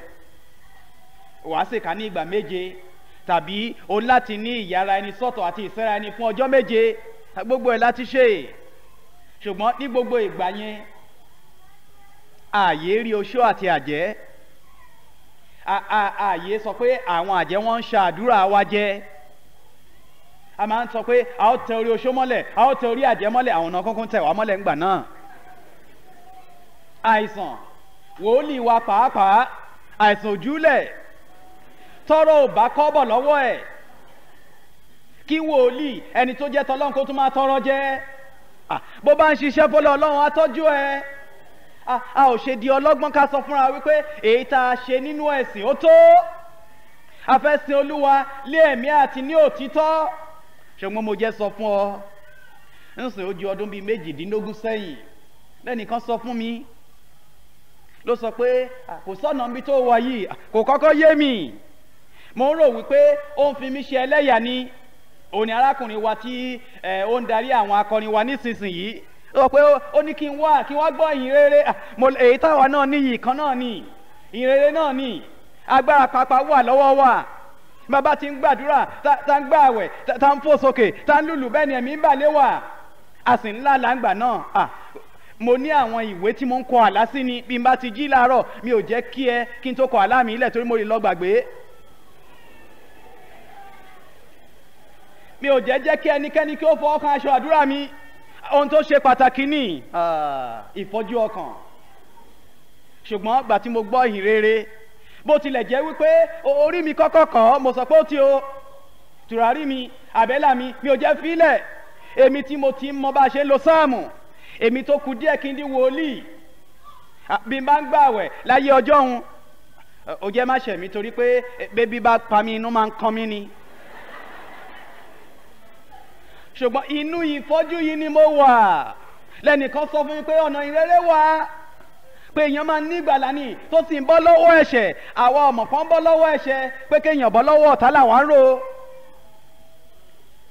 Speaker 1: wàá sì ká ní ìgbà méje tàbí o láti ní ìyára ẹni sọ́tọ̀ àti ìsẹ́ra ẹni fún ọjọ́ méje gbogbo ẹ̀ láti ṣe ṣùgbọ́n ní gbogbo ìgbà yẹn ààyè rí oṣó àti àjẹ́ ààyè sọ pé àwọn àjẹ́ wọn ń ṣàdúrà wa jẹ́ a máa ń sọ pé a ó tẹ orí oṣó mọ́lẹ̀ a ó tẹ orí àjẹ́ mọ́lẹ̀ àwọn ọ̀nà kúnkún tẹ̀ wá mọ́lẹ̀ ńgbà náà àìsàn wòólì wa pàápàá àìsàn òjúlẹ̀ tọrọ ò bá kọ́bọ̀ lọ́wọ́ ẹ̀ kí wòólì ẹni tó jẹ́ tọ́lọ́run kó tún máa tọrọ jẹ́ bó bá ń ṣiṣẹ́ fọlọ́ ọlọ́run á tọ́jú ẹ a ò ṣe di ọlọ́gbọ́n ká sọ fúnra wípé èyí tá a ṣe nínú ẹ̀sìn ó tó a fẹ́ sin olúwa lé ẹ̀mí àti ní òtítọ́ ṣùgbọ́n mo jẹ́ sọ fún ọ ń sìn ó ju ọdún bíi méjìdínlógún sẹ́yìn lẹ́nìkan sọ fún mi ló sọ pé kò sọ̀nà níbi tó wà yìí kò kọ́kọ́ yé mi mo ń rò wípé ó ń fi mí ṣe ẹlẹ́yà ni òní arákùnrin wa tí ó ń darí àwọn akọrin wa nísinsìnyí sọ pé ó ní kí n wá kí n wá gbọ́ ìyìn rere ah, èyí táwa náà ní ìyìn kan náà ní ìyìn rere náà ní agbára pàápàá wà lọ́wọ́ wa bàbá ti ń gbàdúrà tá ń gbààwẹ̀ tá ń fò sókè tá ń lùlù bẹ́ẹ̀ ni ẹ̀mí ń bà wà a sì ń lá làǹgbà náà ah, mo ní àwọn ìwé tí mo ń kọ àlá sí ni bí n bá ti jí láàárọ̀ mi ò jẹ́ kí ẹ kí n tó kọ àlá mi ilẹ̀ torí mo lè lọ gbàgbé mi ò jẹ́ jẹ́ kí ẹnikẹ́ni kí ó fọwọ́ kan aṣọ àdúrà mi ohun tó ṣe pàtàkì ní ah. ìfọ́jú ọkàn ṣùgbọ́n gbà tí mo gbọ́ ìhìn rere bó tilẹ̀ jẹ́ wípé orí mi kọ́kọ́ kọ́ mo sọ pé ó ti o tùràrí mi àbẹ́là mi mi ò jẹ́ fílẹ̀ èmi tí mo ti mọ bá a ṣe ń lo sáàmù èmi tó kù díẹ̀ kí n di wòlíì bí n bá ń gbààwẹ̀ láyé ọjọ́ òun ò jẹ́ má ṣẹ̀mí torí pé eh, bébí bá pa mi inú máa ń kan mí ni ṣùgbọ́n inú ìfọ́jú yìí ni mo wà lẹ́nìkan sọ fún mi pé ọ̀nà ìrere wà pé èèyàn máa ní ìgbàlá ni tó sì ń bọ́ lọ́wọ́ ẹ̀ṣẹ̀ àwa ọmọ kan bọ́ lọ́wọ́ ẹ̀ṣẹ̀ pé kéèyàn bọ́ lọ́wọ́ ọ̀tá làwọn ń rò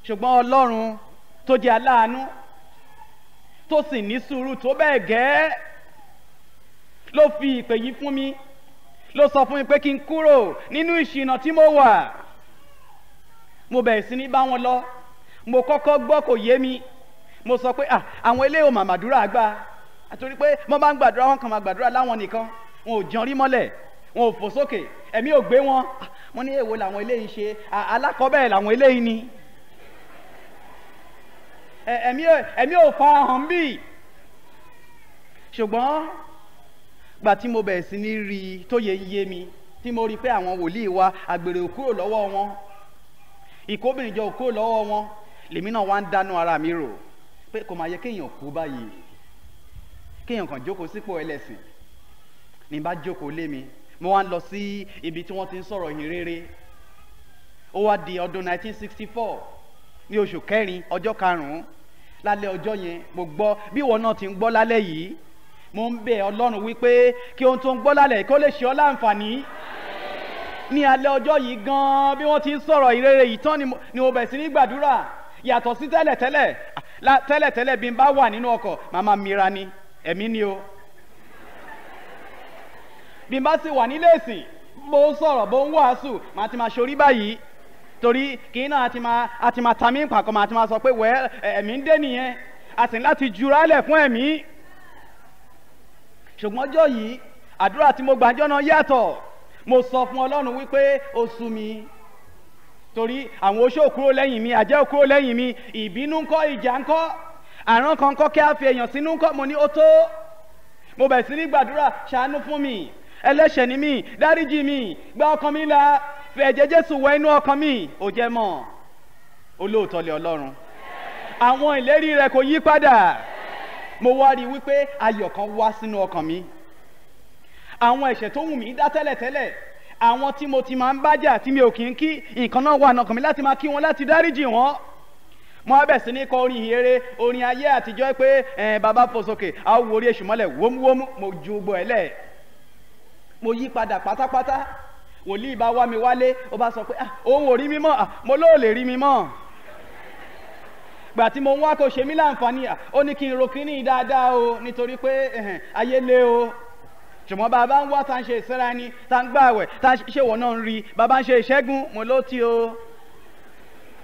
Speaker 1: ṣùgbọ́n Ọlọ́run tó jẹ́ aláàánú tó sì ní sùúrù tó bẹ́ẹ̀ gẹ́ ló fi ìpè yìí fún mi ló sọ fún mi pé kí n kúrò nínú ìṣìnà tí mo wà mo bẹ̀rẹ̀ sí ní bá wọn lọ mo kọ́kọ́ gbọ́ kò yé mi mo sọ pé ah, àwọn eléyìí ò mà màdúrà gbà àtòrí pé wọ́n bá ń gbàdúrà wọn kàn máa gbàdúrà láwọn nìkan wọn ò jọrí mọ́lẹ̀ wọn ò fò sókè ẹ̀mí ò gbé wọn wọn ah, ní èwo làwọn eléyìí ṣe alákọ̀ọ́bẹ̀ làwọn eléyìí ni ẹ̀mí ò farahàn bí ṣùgbọ́n gbà tí mo bẹ̀rẹ̀ sí ní rí i tó yẹ yé mi tí mo rí i pé àwọn wòlíì wa àgbèrè ò kúrò lọ́wọ́ wọn ìkóbìnrin jọ ò kúrò lọ́wọ́ wọn lèmi náà wá ń dánú ara mi rò pé kò máa yẹ kéèyàn kú báyìí kéèyàn kàn jókòó sípò ẹlẹ́sìn ní bá jókòó lé mi mo wá ń lọ sí ibi tí wọ́n ti ń sọ̀rọ̀ yìí rere ó wá di ọdún 1964 ní oṣù kẹrin ọjọ́ karùn-ún lálẹ́ ọjọ́ yẹn mo gbọ́ bí ìwọ náà ti ń gbọ́ lálẹ́ yìí mo ń bẹ ọlọ́run wípé kí ohun tó ń gbọ́ lálẹ́ kó lè ṣe ọ́ láǹfààní ní alẹ́ ọjọ́ yìí gan-an bí wọ́n ti ń sọ̀rọ̀ ìrere yìí tán ni mo bẹ̀ sí ní gbàdúrà yàtọ̀ sí tẹ́lẹ̀tẹ́lẹ̀ tẹ́lẹ̀tẹ́lẹ̀ bí n bá wà nínú ọkọ̀ màmá mira ni ẹ̀mí ni o bí n bá sì wà nílé ìsìn bó ń sọ̀rọ̀ bó ń wàásù màá ti máa ṣorí báyìí torí kìí náà àti máa àti máa ta mí ń pàkọ́ màá ti máa sọ pé wẹ́ ẹ̀mí ń dé nìyẹn a sì ń láti jura lẹ̀ fún ẹ̀mí ṣùgbọ́n ọjọ́ yìí àdúrà tí mo gbàjọ́ náà yàtọ̀ mo sọ fún ọlọ́run wípé o sú mi torí àwọn oṣó kúrò lẹ́yìn mi àjẹ́ kúrò lẹ́yìn mi ìbínú ńkọ́ ìjà ńkọ́ àrán kan kọ́ kí a fi èèyàn sínú ńkọ́ mo ní ó tó mo bẹ̀ sí ní gbàdúrà ṣàánú fún mi ẹlẹ́ṣẹ̀ ni mí dáríjì mi gba ọkàn mi là ẹ̀jẹ̀ Jésù wọ inú ọkàn mi ò jẹ́ mọ́ olóòótọ́ lé Ọlọ́run àwọn ìlérí rẹ̀ kò yí padà mo wá rí i wípé ayọ̀ kan wá sínú ọkàn mi àwọn ẹ̀ṣẹ̀ tó wù mí dá tẹ́lẹ̀tẹ́lẹ̀ àwọn tí mo ti máa ń bájà tí mi ò kì í kí nǹkan náà wà nọkàn mi láti máa kí wọn láti dáríjì wọn mo abẹ sí ní kọ orin ìhere orin ayé àtijọ́ pé ẹ bàbá fò sókè a wo orí èṣù mọ́lẹ̀ wómúwómú mo ju gbọ́ ẹ lẹ̀ mo yí padà pátápátá wòlíì bá wá mi wálé ó bá sọ pé ah, òun ò rí mi mọ́ ah, mo lóò lè rí mi mọ́ gbà tí mo ń wá kó ṣe mí láǹfààní ah, ó ní kí n ro kínní dáadáa o nítorí pé ayé lé o ṣùgbọ́n bàbá ń wá tá ń ṣe ìsinra ni tá ń gbààwẹ̀ tá ń ṣe wọ̀n náà ń rí bàbá ń ṣe ìṣẹ́gun mo ló ti o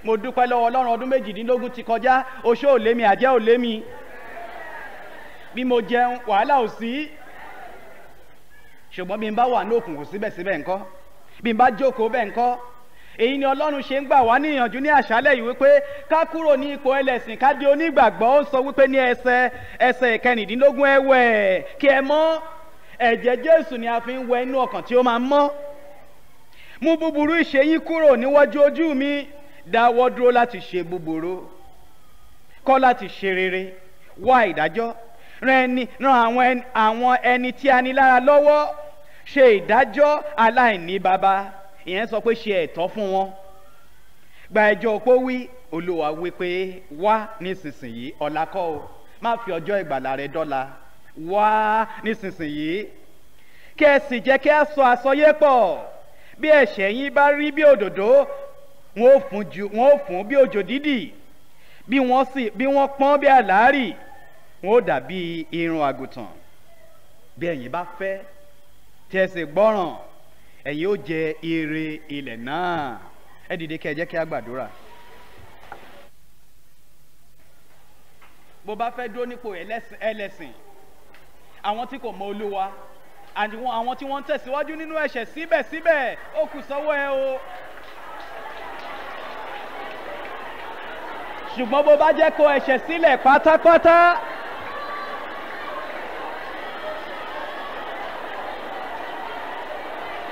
Speaker 1: mo dúpẹ́ lọ́wọ́ ọlọ́run ọdún méjìdínlógún ti kọjá oṣó ò lémi àjẹ́ ò lémi bí mo jẹun wàhálà ò sí ṣùgbọ́n bí n bá wà ní òkùnkùn síbẹ̀síbẹ̀ ńkọ́ bí n bá jókòó bẹ́ẹ̀ ńkọ́ èyí ni ọlọ́run ṣe ń gbà wá níyànjú ní àṣálẹ̀ yìí wípé ká kúrò ní ipò ẹlẹ́sìn ká di onígbàgbọ́ ó sọ wípé ní ẹsẹ̀ ẹsẹ̀ kẹrìndínlógún ẹwẹ̀ kí ẹ mọ́ ẹ̀jẹ̀ jésù ni a fi ń wẹ inú ọkàn tí ó máa ń mọ́ mú búburú ìṣe kúrò níwájú ojú mi dáwọ́ dúró láti ṣe búburú kọ̀ láti ṣe rere wá ìdájọ́ ran àwọn ẹni tí a ní lára lọ́wọ́ ṣe ìdájọ́ aláìní baba ìyẹn sọ pé ṣe ẹ̀tọ́ fún wọn gba ẹjọ́ opó wí olúwa wí pé wá nísinsìnyí ọ̀la o má fi ọjọ́ ìgbàlà rẹ dọ́la wá nísinsìnyí kí ẹ sì jẹ́ kí a sọ àsọyé pọ̀ bí ẹ̀ṣẹ̀ yín bá rí bí òdòdó wọn ò fún ju wọn ò fún bí òjò dídì bí wọ́n sì bí wọ́n pọ́n bí àlárì wọn ò dàbí irun àgùntàn bí ẹ̀yin bá fẹ́ tí ẹ sì gbọ́ràn ẹ̀yin ó jẹ ire ilẹ̀ náà ẹ dìde kí ẹ jẹ́ kí a gbàdúrà. bó bá fẹ́ dúró nípò ẹlẹ́sìn àwọn tí kò mọ olúwa àti àwọn tí wọ́n ń tẹ̀síwájú nínú ẹ̀ṣẹ̀ síbẹ̀síbẹ̀ ó kù sọ́wọ́ ẹ o. ṣùgbọ́n bó bá jẹ́ kó ẹ̀ṣẹ̀ sílẹ̀ pátápátá.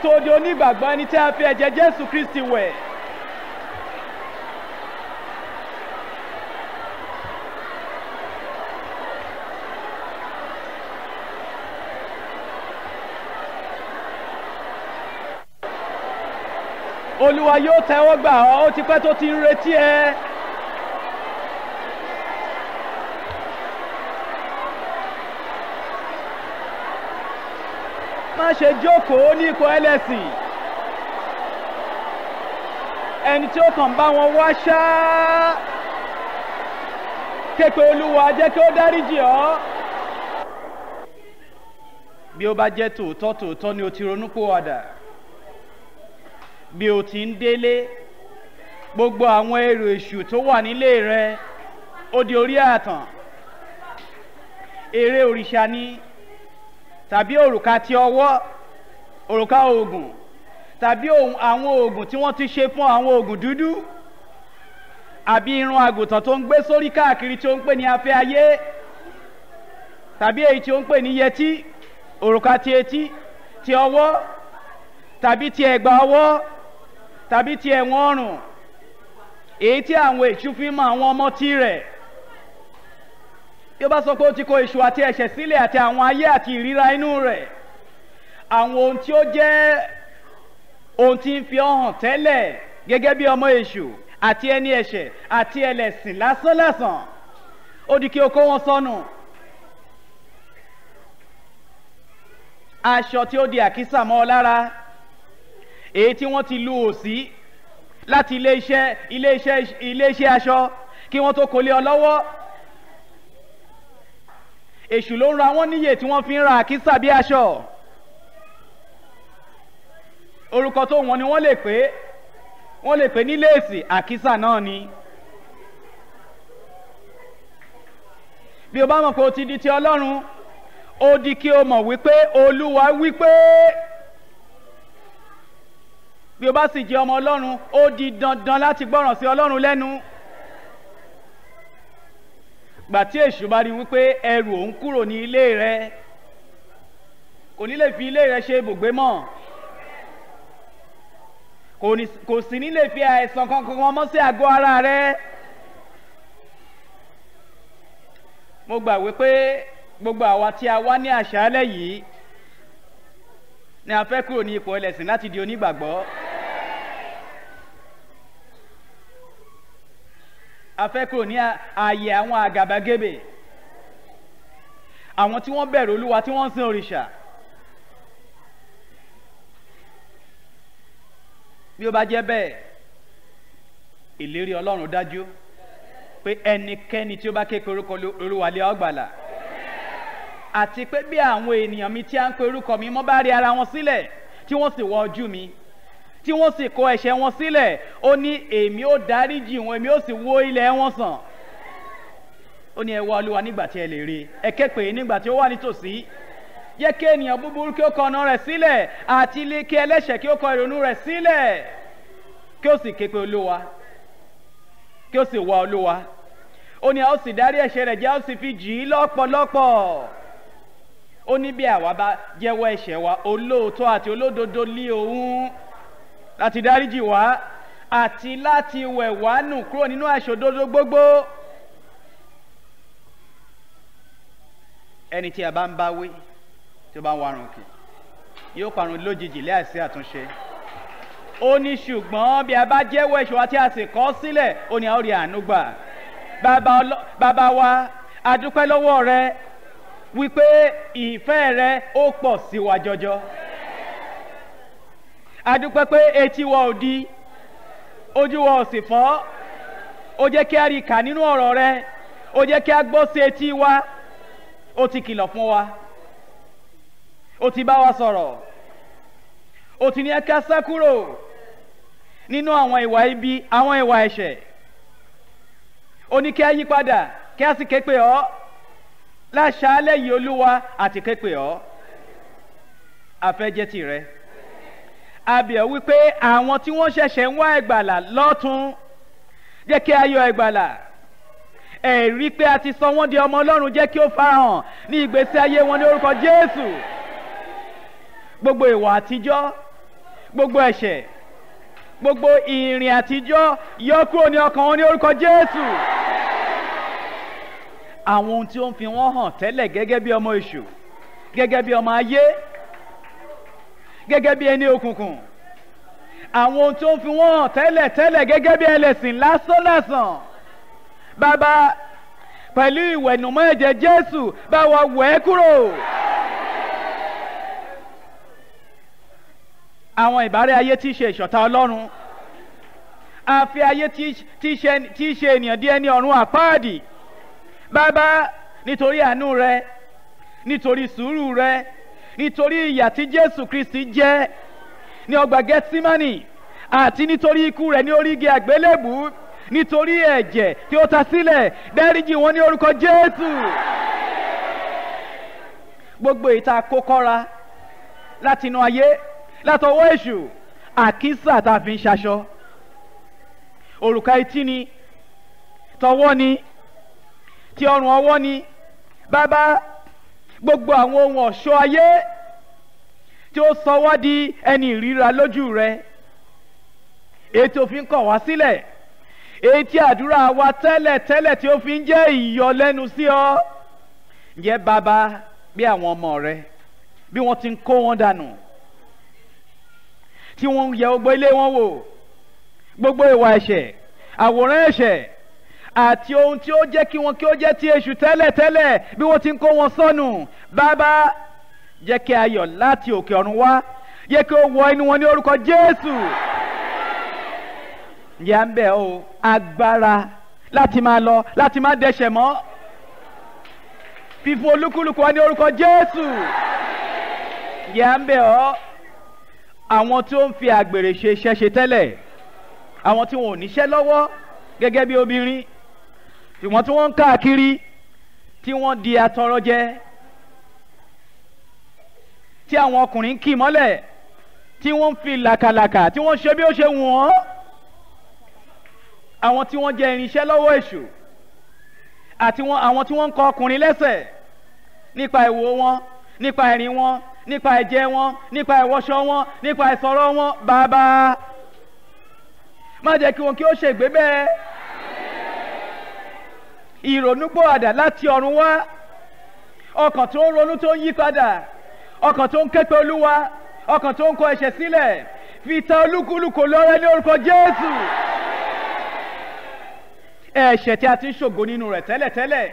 Speaker 1: tó di onígbàgbọ́ ẹni tí a fi ẹ̀jẹ̀ Jésù Kristi wẹ̀. olúwa yóò tẹ́wọ́ gbà ọ́ ó ti pẹ́ tó ti ń retí ẹ. má ṣe jókòó ní ikọ̀ ẹlẹ́sìn ẹni tí ó kàn bá wọn wá ṣáá képe olúwa jẹ́ kí ó dáríjì ọ́. bí ó bá jẹ́ tòótọ́ tòótọ́ ni o ti ronú pòwàdà bí o ti ń délé gbogbo àwọn èrò èṣù tó wà nílé rẹ ó di orí àtàn eré òrìṣà ni tàbí òrùka ti ọwọ́ òrùka oògùn tàbí àwọn oògùn tí wọ́n ti ṣe fún àwọn oògùn dúdú àbí irun àgùntàn tó ń gbé sórí káàkiri tí ó ń pè ní afẹ́ ayé tàbí èyí tí ó ń pè ní yẹtí òrùka ti etí ti ọwọ́ tàbí ti ẹ̀gbà ọwọ́ tàbí ti ẹ̀wọ̀n ọ̀rùn èyí tí àwọn èṣù fi mọ àwọn ọmọ tí rẹ̀ bí ó bá sọ pé ó ti kó èṣù àti ẹ̀ṣẹ̀ sílẹ̀ àti àwọn ayé àti ìríra inú rẹ̀ àwọn ohun tí ó jẹ́ ohun tí ń fi ọ́ hàn tẹ́lẹ̀ gẹ́gẹ́ bí ọmọ èṣù àti ẹni ẹ̀ṣẹ̀ àti ẹlẹ́sìn lásán lásán ó di kí o kó wọn sọnù aṣọ tí ó di àkísà mọ́ ọ lára èyí tí wọ́n ti lu òsì láti iléeṣẹ́ iléeṣẹ́ iléeṣẹ́ aṣọ kí wọ́n tó kọ́lé ọ lọ́wọ́ èṣù ló ń ra wọ́n níyè tí wọ́n fi ń ra àkísà bí aṣọ orúkọ tó wọn ni wọ́n lè pè wọ́n lè pè ní léèsì àkísà náà ni. bí o bá mọ̀ pé o ti di ti ọlọ́run ó di kí o mọ̀ wípé olúwa wípé bí o bá sì jẹ́ ọmọ ọlọ́run ó di dandan láti gbọ́ràn sí ọlọ́run lẹ́nu gbà tí èṣù bá rí wípé ẹrù òun kúrò ní ilé rẹ kò ní lè fi ilé rẹ ṣe ibùgbé mọ́ kò sì ní lè fi àìsàn kankan mọ́ sí àgọ́ ara rẹ mo gbà wípé gbogbo àwa tí a wá ní àṣálẹ́ yìí ni a fẹ́ kúrò ní ipò ẹlẹ́sìn láti di onígbàgbọ́. afẹ́kùrò ní ààyè àwọn àgàbàgebè àwọn tí wọ́n bẹ̀rù olúwa tí wọ́n ń sin òrìṣà bí ó bá jẹ́ bẹ́ẹ̀ ìlérí ọlọ́run dájú pé ẹnikẹ́ni tí ó bá ké pe orúkọ olúwa lé ọgbàlà àti pé bí àwọn ènìyàn mi tí a ń pe orúkọ mi mọ́ bá rí ara wọn sílẹ̀ tí wọ́n sì wọ ojú mi tí wọ́n sì kọ ẹ̀ṣẹ̀ wọn sílẹ̀ ó ní èmi ó dáríjì wọn èmi ó sì wó ilẹ̀ wọn sàn ó ní ẹ wá olúwa nígbà tí ẹ lè rí ẹ kẹ́pẹ́ nígbà tí ó wà nítòsí yẹ kí ènìyàn búburú kí ó kọ ọ̀nà rẹ̀ sílẹ̀ àti ilé kí ẹlẹ́ṣẹ̀ kí ó kọ ìrònú rẹ̀ sílẹ̀ kí ó sì ké pe olúwa kí ó sì wá olúwa ó ní a ó sì dárí ẹ̀ṣẹ̀ rẹ̀ jẹ́ a ó sì fi jì í lọ́pọ̀lọpọ̀ ó ní bí àwa bá jẹ́wọ́ ẹ̀ṣẹ̀ wa olóòótọ́ àti olódodo lé òun láti dáríjì wá àti láti wẹ̀ wá nù kúrò nínú àìṣòdodo gbogbo. ẹni tí a bá ń bá wí tí ó bá ń warùn kì yóò parun lójijì láìsí àtúnṣe. ó ní ṣùgbọ́n bí a bá jẹ́wọ́ ìṣòro tí a sílẹ̀ ó ní a àánú gbà. bàbá wa a lọ́wọ́ rẹ wípé ìfẹ́ rẹ ó pọ̀ sí wa jọjọ adúpẹ́ pé etí wa ò di ojú wa ò sì fọ́ ó jẹ́ kí a rí i kà nínú ọ̀rọ̀ rẹ ó jẹ́ kí a gbọ́ sí etí wa ó ti kìlọ̀ fún wa ó ti bá wa sọ̀rọ̀ ó ti ní ẹ sá kúrò nínú àwọn ìwà ibi àwọn ìwà ẹ̀ṣẹ̀ ó ní kí a yí padà kí a sì ké pè ọ́ láṣálẹ̀ yìí olúwa àti ké pè ọ́ àfẹ́jẹ́ tìrẹ abẹ́ wípé àwọn tí wọ́n ṣẹ̀ṣẹ̀ ń wá ẹ̀gbàlà lọ́tún jẹ́ kí a yọ ẹ̀gbàlà ẹ̀rí pé a ti sọ wọ́n di ọmọ ọlọ́run jẹ́ kí ó farahàn ní ìgbésí ayé wọn ní orúkọ jésù gbogbo ìwà àtijọ́ gbogbo ẹ̀ṣẹ̀ gbogbo ìrìn àtijọ́ yọ kúrò ní ọkàn wọn ní orúkọ jésù àwọn ohun tí ó ń fi wọ́n hàn tẹ́lẹ̀ gẹ́gẹ́ bí ọmọ èṣù gẹ́gẹ́ bí ọmọ ayé gẹ́gẹ́ bí ẹni òkùnkùn àwọn ohun tó ń fi wọ́n hàn tẹ́lẹ̀ tẹ́lẹ̀ gẹ́gẹ́ bí ẹlẹ́sìn lásán lásán bàbá pẹ̀lú ìwẹ̀nùmọ́ ẹ̀jẹ̀ Jésù bá wa wẹ̀ ẹ́ kúrò. àwọn ìbárẹ́ ayé tí í ṣe ìṣọ̀tá Ọlọ́run àfi ayé tí í ṣe ènìyàn díẹ̀ ní ọ̀run àpáàdì bàbá nítorí àánú rẹ nítorí sùúrù rẹ nítorí ìyà tí Jésù Kristi jẹ́ ní ọgbà Gẹ́tímánì àti nítorí ikú rẹ̀ ní orí igi àgbélébù nítorí ẹ̀jẹ̀ tí ó ta sílẹ̀ dáríjì wọn ní orúkọ Jésù. gbogbo ìta kókọ́ra láti inú ayé látọwọ́ èṣù àkísà tá a fi ń ṣaṣọ òrùka etí ni tọwọ́ ni ti ọrùn ọwọ́ ni bàbá gbogbo àwọn ohun ọ̀ṣọ́ ayé tí ó sọ wá di ẹni ìríra lójú rẹ èyí tí ó fi ń kọ̀ wá sílẹ̀ èyí tí àdúrà wa tẹ́lẹ̀ tẹ́lẹ̀ tí ó fi ń jẹ́ ìyọlẹ́nu sí ọ ǹjẹ́ bàbá bí àwọn ọmọ rẹ bí wọ́n ti ń kó wọn dànù tí wọ́n ń yẹ gbogbo ilé wọn wò gbogbo ìwà ẹ̀ṣẹ̀ àwòrán ẹ̀ṣẹ̀ àti ohun tí ó jẹ́ kí wọn kí ó jẹ́ ti èṣù tẹ́lẹ̀tẹ́lẹ̀ bí wọ́n ti ń kó wọn sọnù bàbá jẹ́ kí ayọ̀ láti òkè ọ̀run wá yẹ kí ó wọ inú wọn ní orúkọ Jésù ìyá ń bẹ̀ o agbára láti máa lọ láti máa dẹ̀ṣẹ̀ mọ́ fífún olúkúlùkù wa ní orúkọ Jésù ìyá ń bẹ̀ ọ́ àwọn tí ó ń fi àgbèrè ṣe iṣẹ́ ṣe tẹ́lẹ̀ àwọn tí wọn ò níṣẹ́ lọ́wọ́ gẹ́gẹ́ bí obìnrin ṣùgbọ́n tí wọ́n ń káàkiri tí wọ́n di atọrọ jẹ tí àwọn ọkùnrin kì mọ́lẹ̀ tí wọ́n ń fi làkàlàkà tí wọ́n ṣe bí ó ṣe wù wọ́n àwọn tí wọ́n jẹ irinṣẹ́ lọ́wọ́ èṣù àti àwọn tí wọ́n ń kọ ọkùnrin lẹ́sẹ̀ nípa ìwò wọn nípa ìrìn wọn nípa ẹ̀jẹ̀ wọn nípa ìwọṣọ wọn nípa ìsọ̀rọ̀ wọn bàbá má jẹ́ kí wọn kí ó ṣègbè bẹ́ẹ̀ ìrònúpọ̀àdà láti ọ̀run wá ọkàn tó ń ronú tó ń yí padà ọkàn tó ń képe olúwa ọkàn tó ń kọ ẹ̀ṣẹ̀ sílẹ̀ fi ta olúkúlùkù lọ́rẹ́ ní orúkọ jésù ẹ̀ṣẹ̀ tí a ti ń ṣògo nínú rẹ̀ tẹ́lẹ̀tẹ́lẹ̀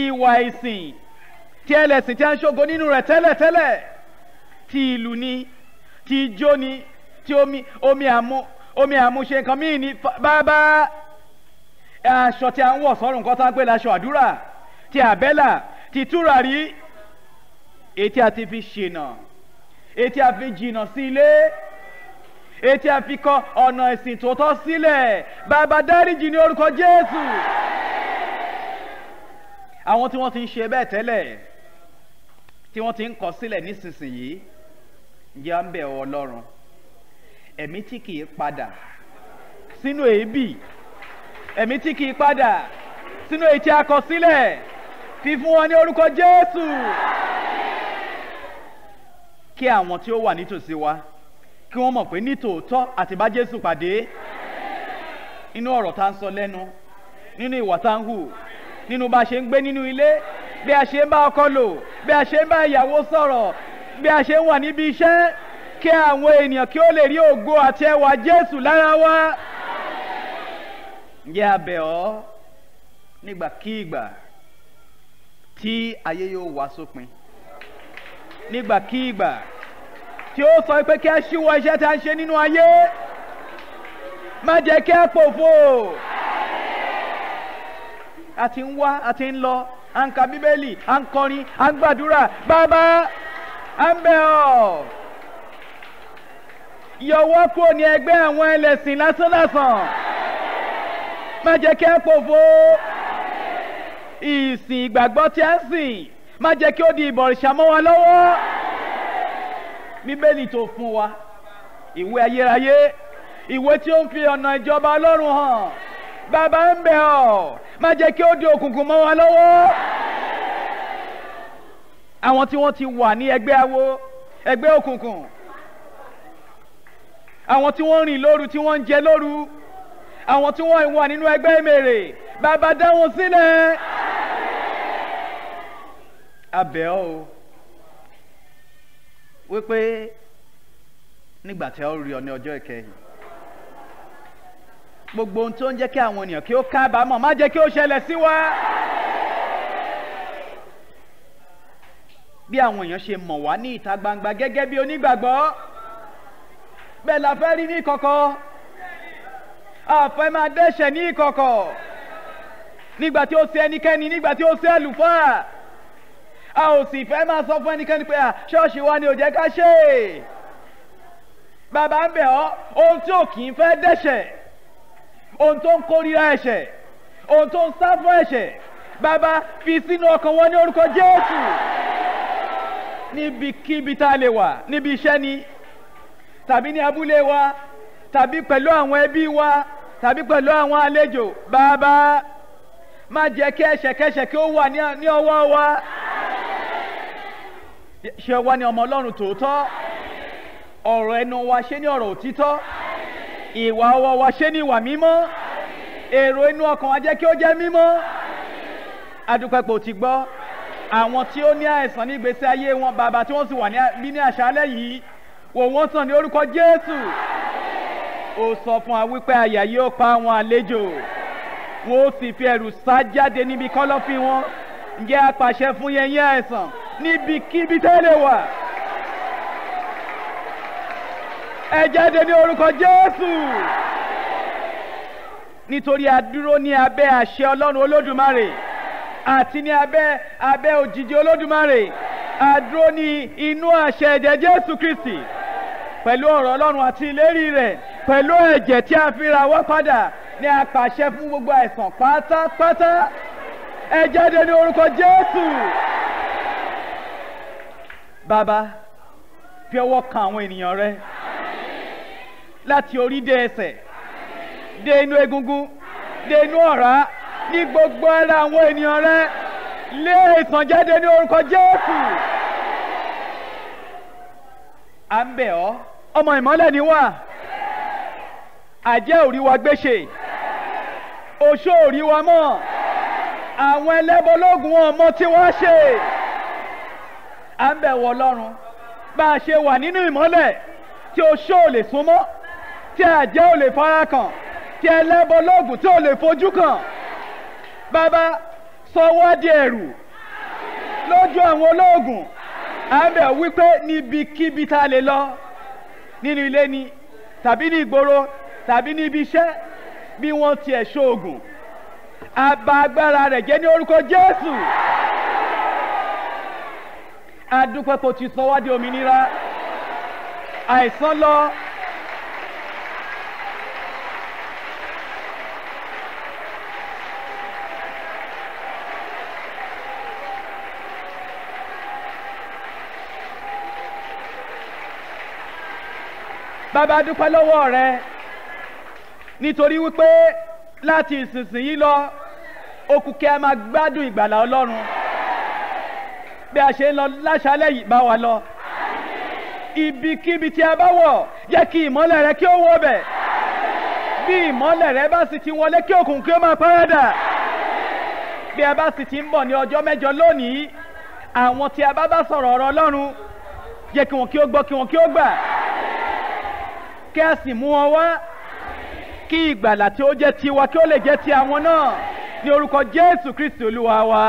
Speaker 1: ìwà ìsìn tí ẹlẹ́sìn tí a ń ṣògo nínú rẹ̀ tẹ́lẹ̀tẹ́lẹ̀ ti ìlú ni ti ijó ni ti omi omi àmú omi nǹkan míì ni bàbá aṣọ tí a ń wọ̀ sọ́run nǹkan tá a gbé laṣọ àdúrà ti àbẹ́là ti túràrí etí a ti fi ṣìnà etí a fi jìnà sí ilé etí a fi kọ ọ̀nà ẹ̀sìn tó sílẹ̀ bàbá dáríjì ní orúkọ Jésù àwọn tí wọ́n ti ń ṣe bẹ́ẹ̀ tẹ́lẹ̀ tí wọ́n ti ń kọ sílẹ̀ nísinsìnyí ǹjẹ́ à ń bẹ̀ ọ Ọlọ́run ẹ̀mí tí kì í padà sínú èébì ẹ̀mí tí kì í padà sínú ètí àkọsílẹ̀ fi fún wọn ní orúkọ Jésù kí àwọn tí ó wà nítòsí wa kí wọ́n mọ̀ pé nítòótọ́ àti bá Jésù pàdé nínú ọ̀rọ̀ tá ń sọ lẹ́nu nínú ìwà tá ń hù nínú bá a ṣe ń gbé nínú ilé bí a ṣe ń bá ọkọ lò bí a ṣe ń bá ìyàwó sọ̀rọ̀ bí a ṣe ń wà níbi iṣẹ́ kí àwọn ènìyàn kí ó lè rí ògo àti ẹwà Jésù lára wa ǹjẹ́ abẹ̀ ọ́ nígbàkígbà tí ayé yóò wá sópin nígbàkígbà tí ó sọ pé kí a ṣíwọ́ iṣẹ́ tá a ṣe nínú ayé má jẹ́ kí a pòfo a ti ń wá a ti ń lọ à ń ka bíbélì à ń kọrin à ń gbàdúrà bàbá à ń bẹ̀ ọ́ yọwọ́ kúrò ní ẹgbẹ́ àwọn ẹlẹ́sìn lásánlásán má jẹ́ kí ẹ pòfo ìsìn ìgbàgbọ́ tí ẹ sìn má jẹ́ kí ó di ìbọ̀rìṣà mọ́ wa lọ́wọ́ bíbélì tó fún wa ìwé ayérayé ìwé tí ó ń fi ọ̀nà ìjọba ọlọ́run hàn bàbá ń bẹ̀ ọ́ má jẹ́ kí ó di òkùnkùn mọ́ wa lọ́wọ́ àwọn tí wọ́n ti wà ní ẹgbẹ́ awo ẹgbẹ́ òkùnkùn àwọn tí wọ́n rìn lóru tí wọ́n ń jẹ lóru àwọn tí wọ́n wà nínú ẹgbẹ́ mèrè bàbá dá wọn sílẹ̀. abẹ́ o wípé nígbà tí ó rí ọ ní ọjọ́ ìkẹyìn gbogbo ohun tó ń jẹ́ kí àwọn ènìyàn kí ó kábàámọ̀ má jẹ́ kí ó ṣẹlẹ̀ sí wa. bí àwọn èèyàn ṣe mọ̀ wá ní ìta gbangba gẹ́gẹ́ bí onígbàgbọ́ bẹ́ẹ̀ la fẹ́ rí ní kọ̀kọ̀ àfẹ́ ah, máa dẹ́ṣẹ̀ ní ìkọ̀kọ̀ nígbà tí ó ṣe ẹnikẹ́ni nígbà tí ó ṣe àlùfáà a ò sì fẹ́ máa sọ fún ẹnikẹ́ni pé ṣọ́ọ̀ṣì wa ni ò jẹ́ ká ṣe é bàbá ń bẹ̀ ọ́ ohun tí ò kì í fẹ́ dẹ́ṣẹ̀ ohun tó ń kórìíra ẹ̀ṣẹ̀ ohun tó ń sá fún ẹ̀ṣẹ̀ bàbá fi sínú ọkàn wọn ní orúkọ Jésù níbikíbi tá a lè wà níbi iṣẹ́ ni tàbí ní abúlé wa tàbí pẹ̀lú àwọn ẹbí wa tàbí pẹ̀lú àwọn àlejò bàbá má jẹ́ kí ẹ̀ṣẹ̀kẹ́ṣẹ̀ kí ó wà ní ọwọ́ wa ṣe wá ní ọmọ ọlọ́run tòótọ́ ọ̀rọ̀ ẹnu wa ṣe ní ọ̀rọ̀ òtítọ́ ìwà ọwọ́ wa ṣe ní ìwà mímọ́ èrò inú ọkàn wa jẹ́ kí ó jẹ́ mímọ́ adúpẹ́pọ̀ ti gbọ́ àwọn tí ó ní àìsàn ní ìgbésí ayé wọn bàbá tí wọ́n sì wà ní àṣálẹ́ yìí wò wọ́n sàn ní orúkọ Jésù ó sọ fún wa wípé àyà yóò pa àwọn àlejò wọn ó sì fi ẹ̀rù sá jáde níbi kọ́lọ́fín wọn ǹjẹ́ apàṣẹ fún yẹn yẹn àìsàn níbikíbi tẹ́lẹ̀ wà. ẹ jáde ní orúkọ Jésù nítorí a dúró ní abẹ́ àṣẹ Ọlọ́run Olódùmarè àti ní abẹ́ abẹ́ òjìji Olódùmarè a ní inú àṣẹ ẹ̀jẹ̀ Jésù Kristi pẹ̀lú ọ̀rọ̀ Ọlọ́run àti ìlérí rẹ̀ pẹ̀lú ẹ̀jẹ̀ tí a fi ra wá padà ni a pàṣẹ fún gbogbo àìsàn pátápátá ẹ jáde ní orúkọ Jésù. Bàbá fi ọwọ́ kan àwọn ènìyàn rẹ láti orí dé ẹsẹ̀ dé inú egungun dé inú ọ̀rá ní gbogbo ara àwọn ènìyàn rẹ lé ìtàn jáde ní orúkọ Jésù. À ń bẹ̀ ọ́ ọmọ ìmọ́lẹ̀ ni wá àjẹ́ òrí wa gbéṣe oṣó òrí wa mọ̀ àwọn ẹlẹ́bọlógún ọmọ tí wọ́n ṣe à ń bẹ̀wọ̀ ọlọ́run bá a ṣe wà nínú ìmọ́lẹ̀ tí oṣó ò lè súnmọ́ tí àjẹ́ ò lè fara kàn tí ẹlẹ́bọlógún tí ò lè fojú kàn bàbá sọ di ẹ̀rù lójú àwọn olóògùn à ń bẹ̀ wípé níbikíbi tá lè lọ nínú ilé ni tàbí ní ìgboro tàbí níbi iṣẹ́ bí wọ́n tiẹ̀ ṣoògùn àbá agbára rẹ̀ jẹ́ ní orúkọ Jésù adúpẹ́ kò ti sọ wá di òmìnira àìsàn lọ. bàbá dúpẹ́ lọ́wọ́ rẹ nítorí wípé láti ìsinsìnyí lọ okùn kẹ́ ẹ máa gbádùn ìgbàlà ọlọ́run bí a ṣe ń lọ láṣálẹ̀ yìí bá wa lọ ibikíbi tí a bá wọ̀ jẹ́ kí ìmọ́lẹ̀ rẹ kí ó wọ bẹ̀ bí ìmọ́lẹ̀ rẹ bá sì ti wọlé kí òkùn kí ó máa parádà bí a bá sì ti ń bọ̀ ní ọjọ́ mẹ́jọ lónìí àwọn tí a bá bá sọ̀rọ̀ ọ̀rọ̀ ọlọ́run jẹ́ kí wọn kí ó gbọ́ kí wọn kí ó gbà kí mú wọn wá kí ìgbàlà tí ó jẹ́ tiwa kí ó lè jẹ́ ti àwọn náà ní orúkọ Jésù Kristi Olúwa wa.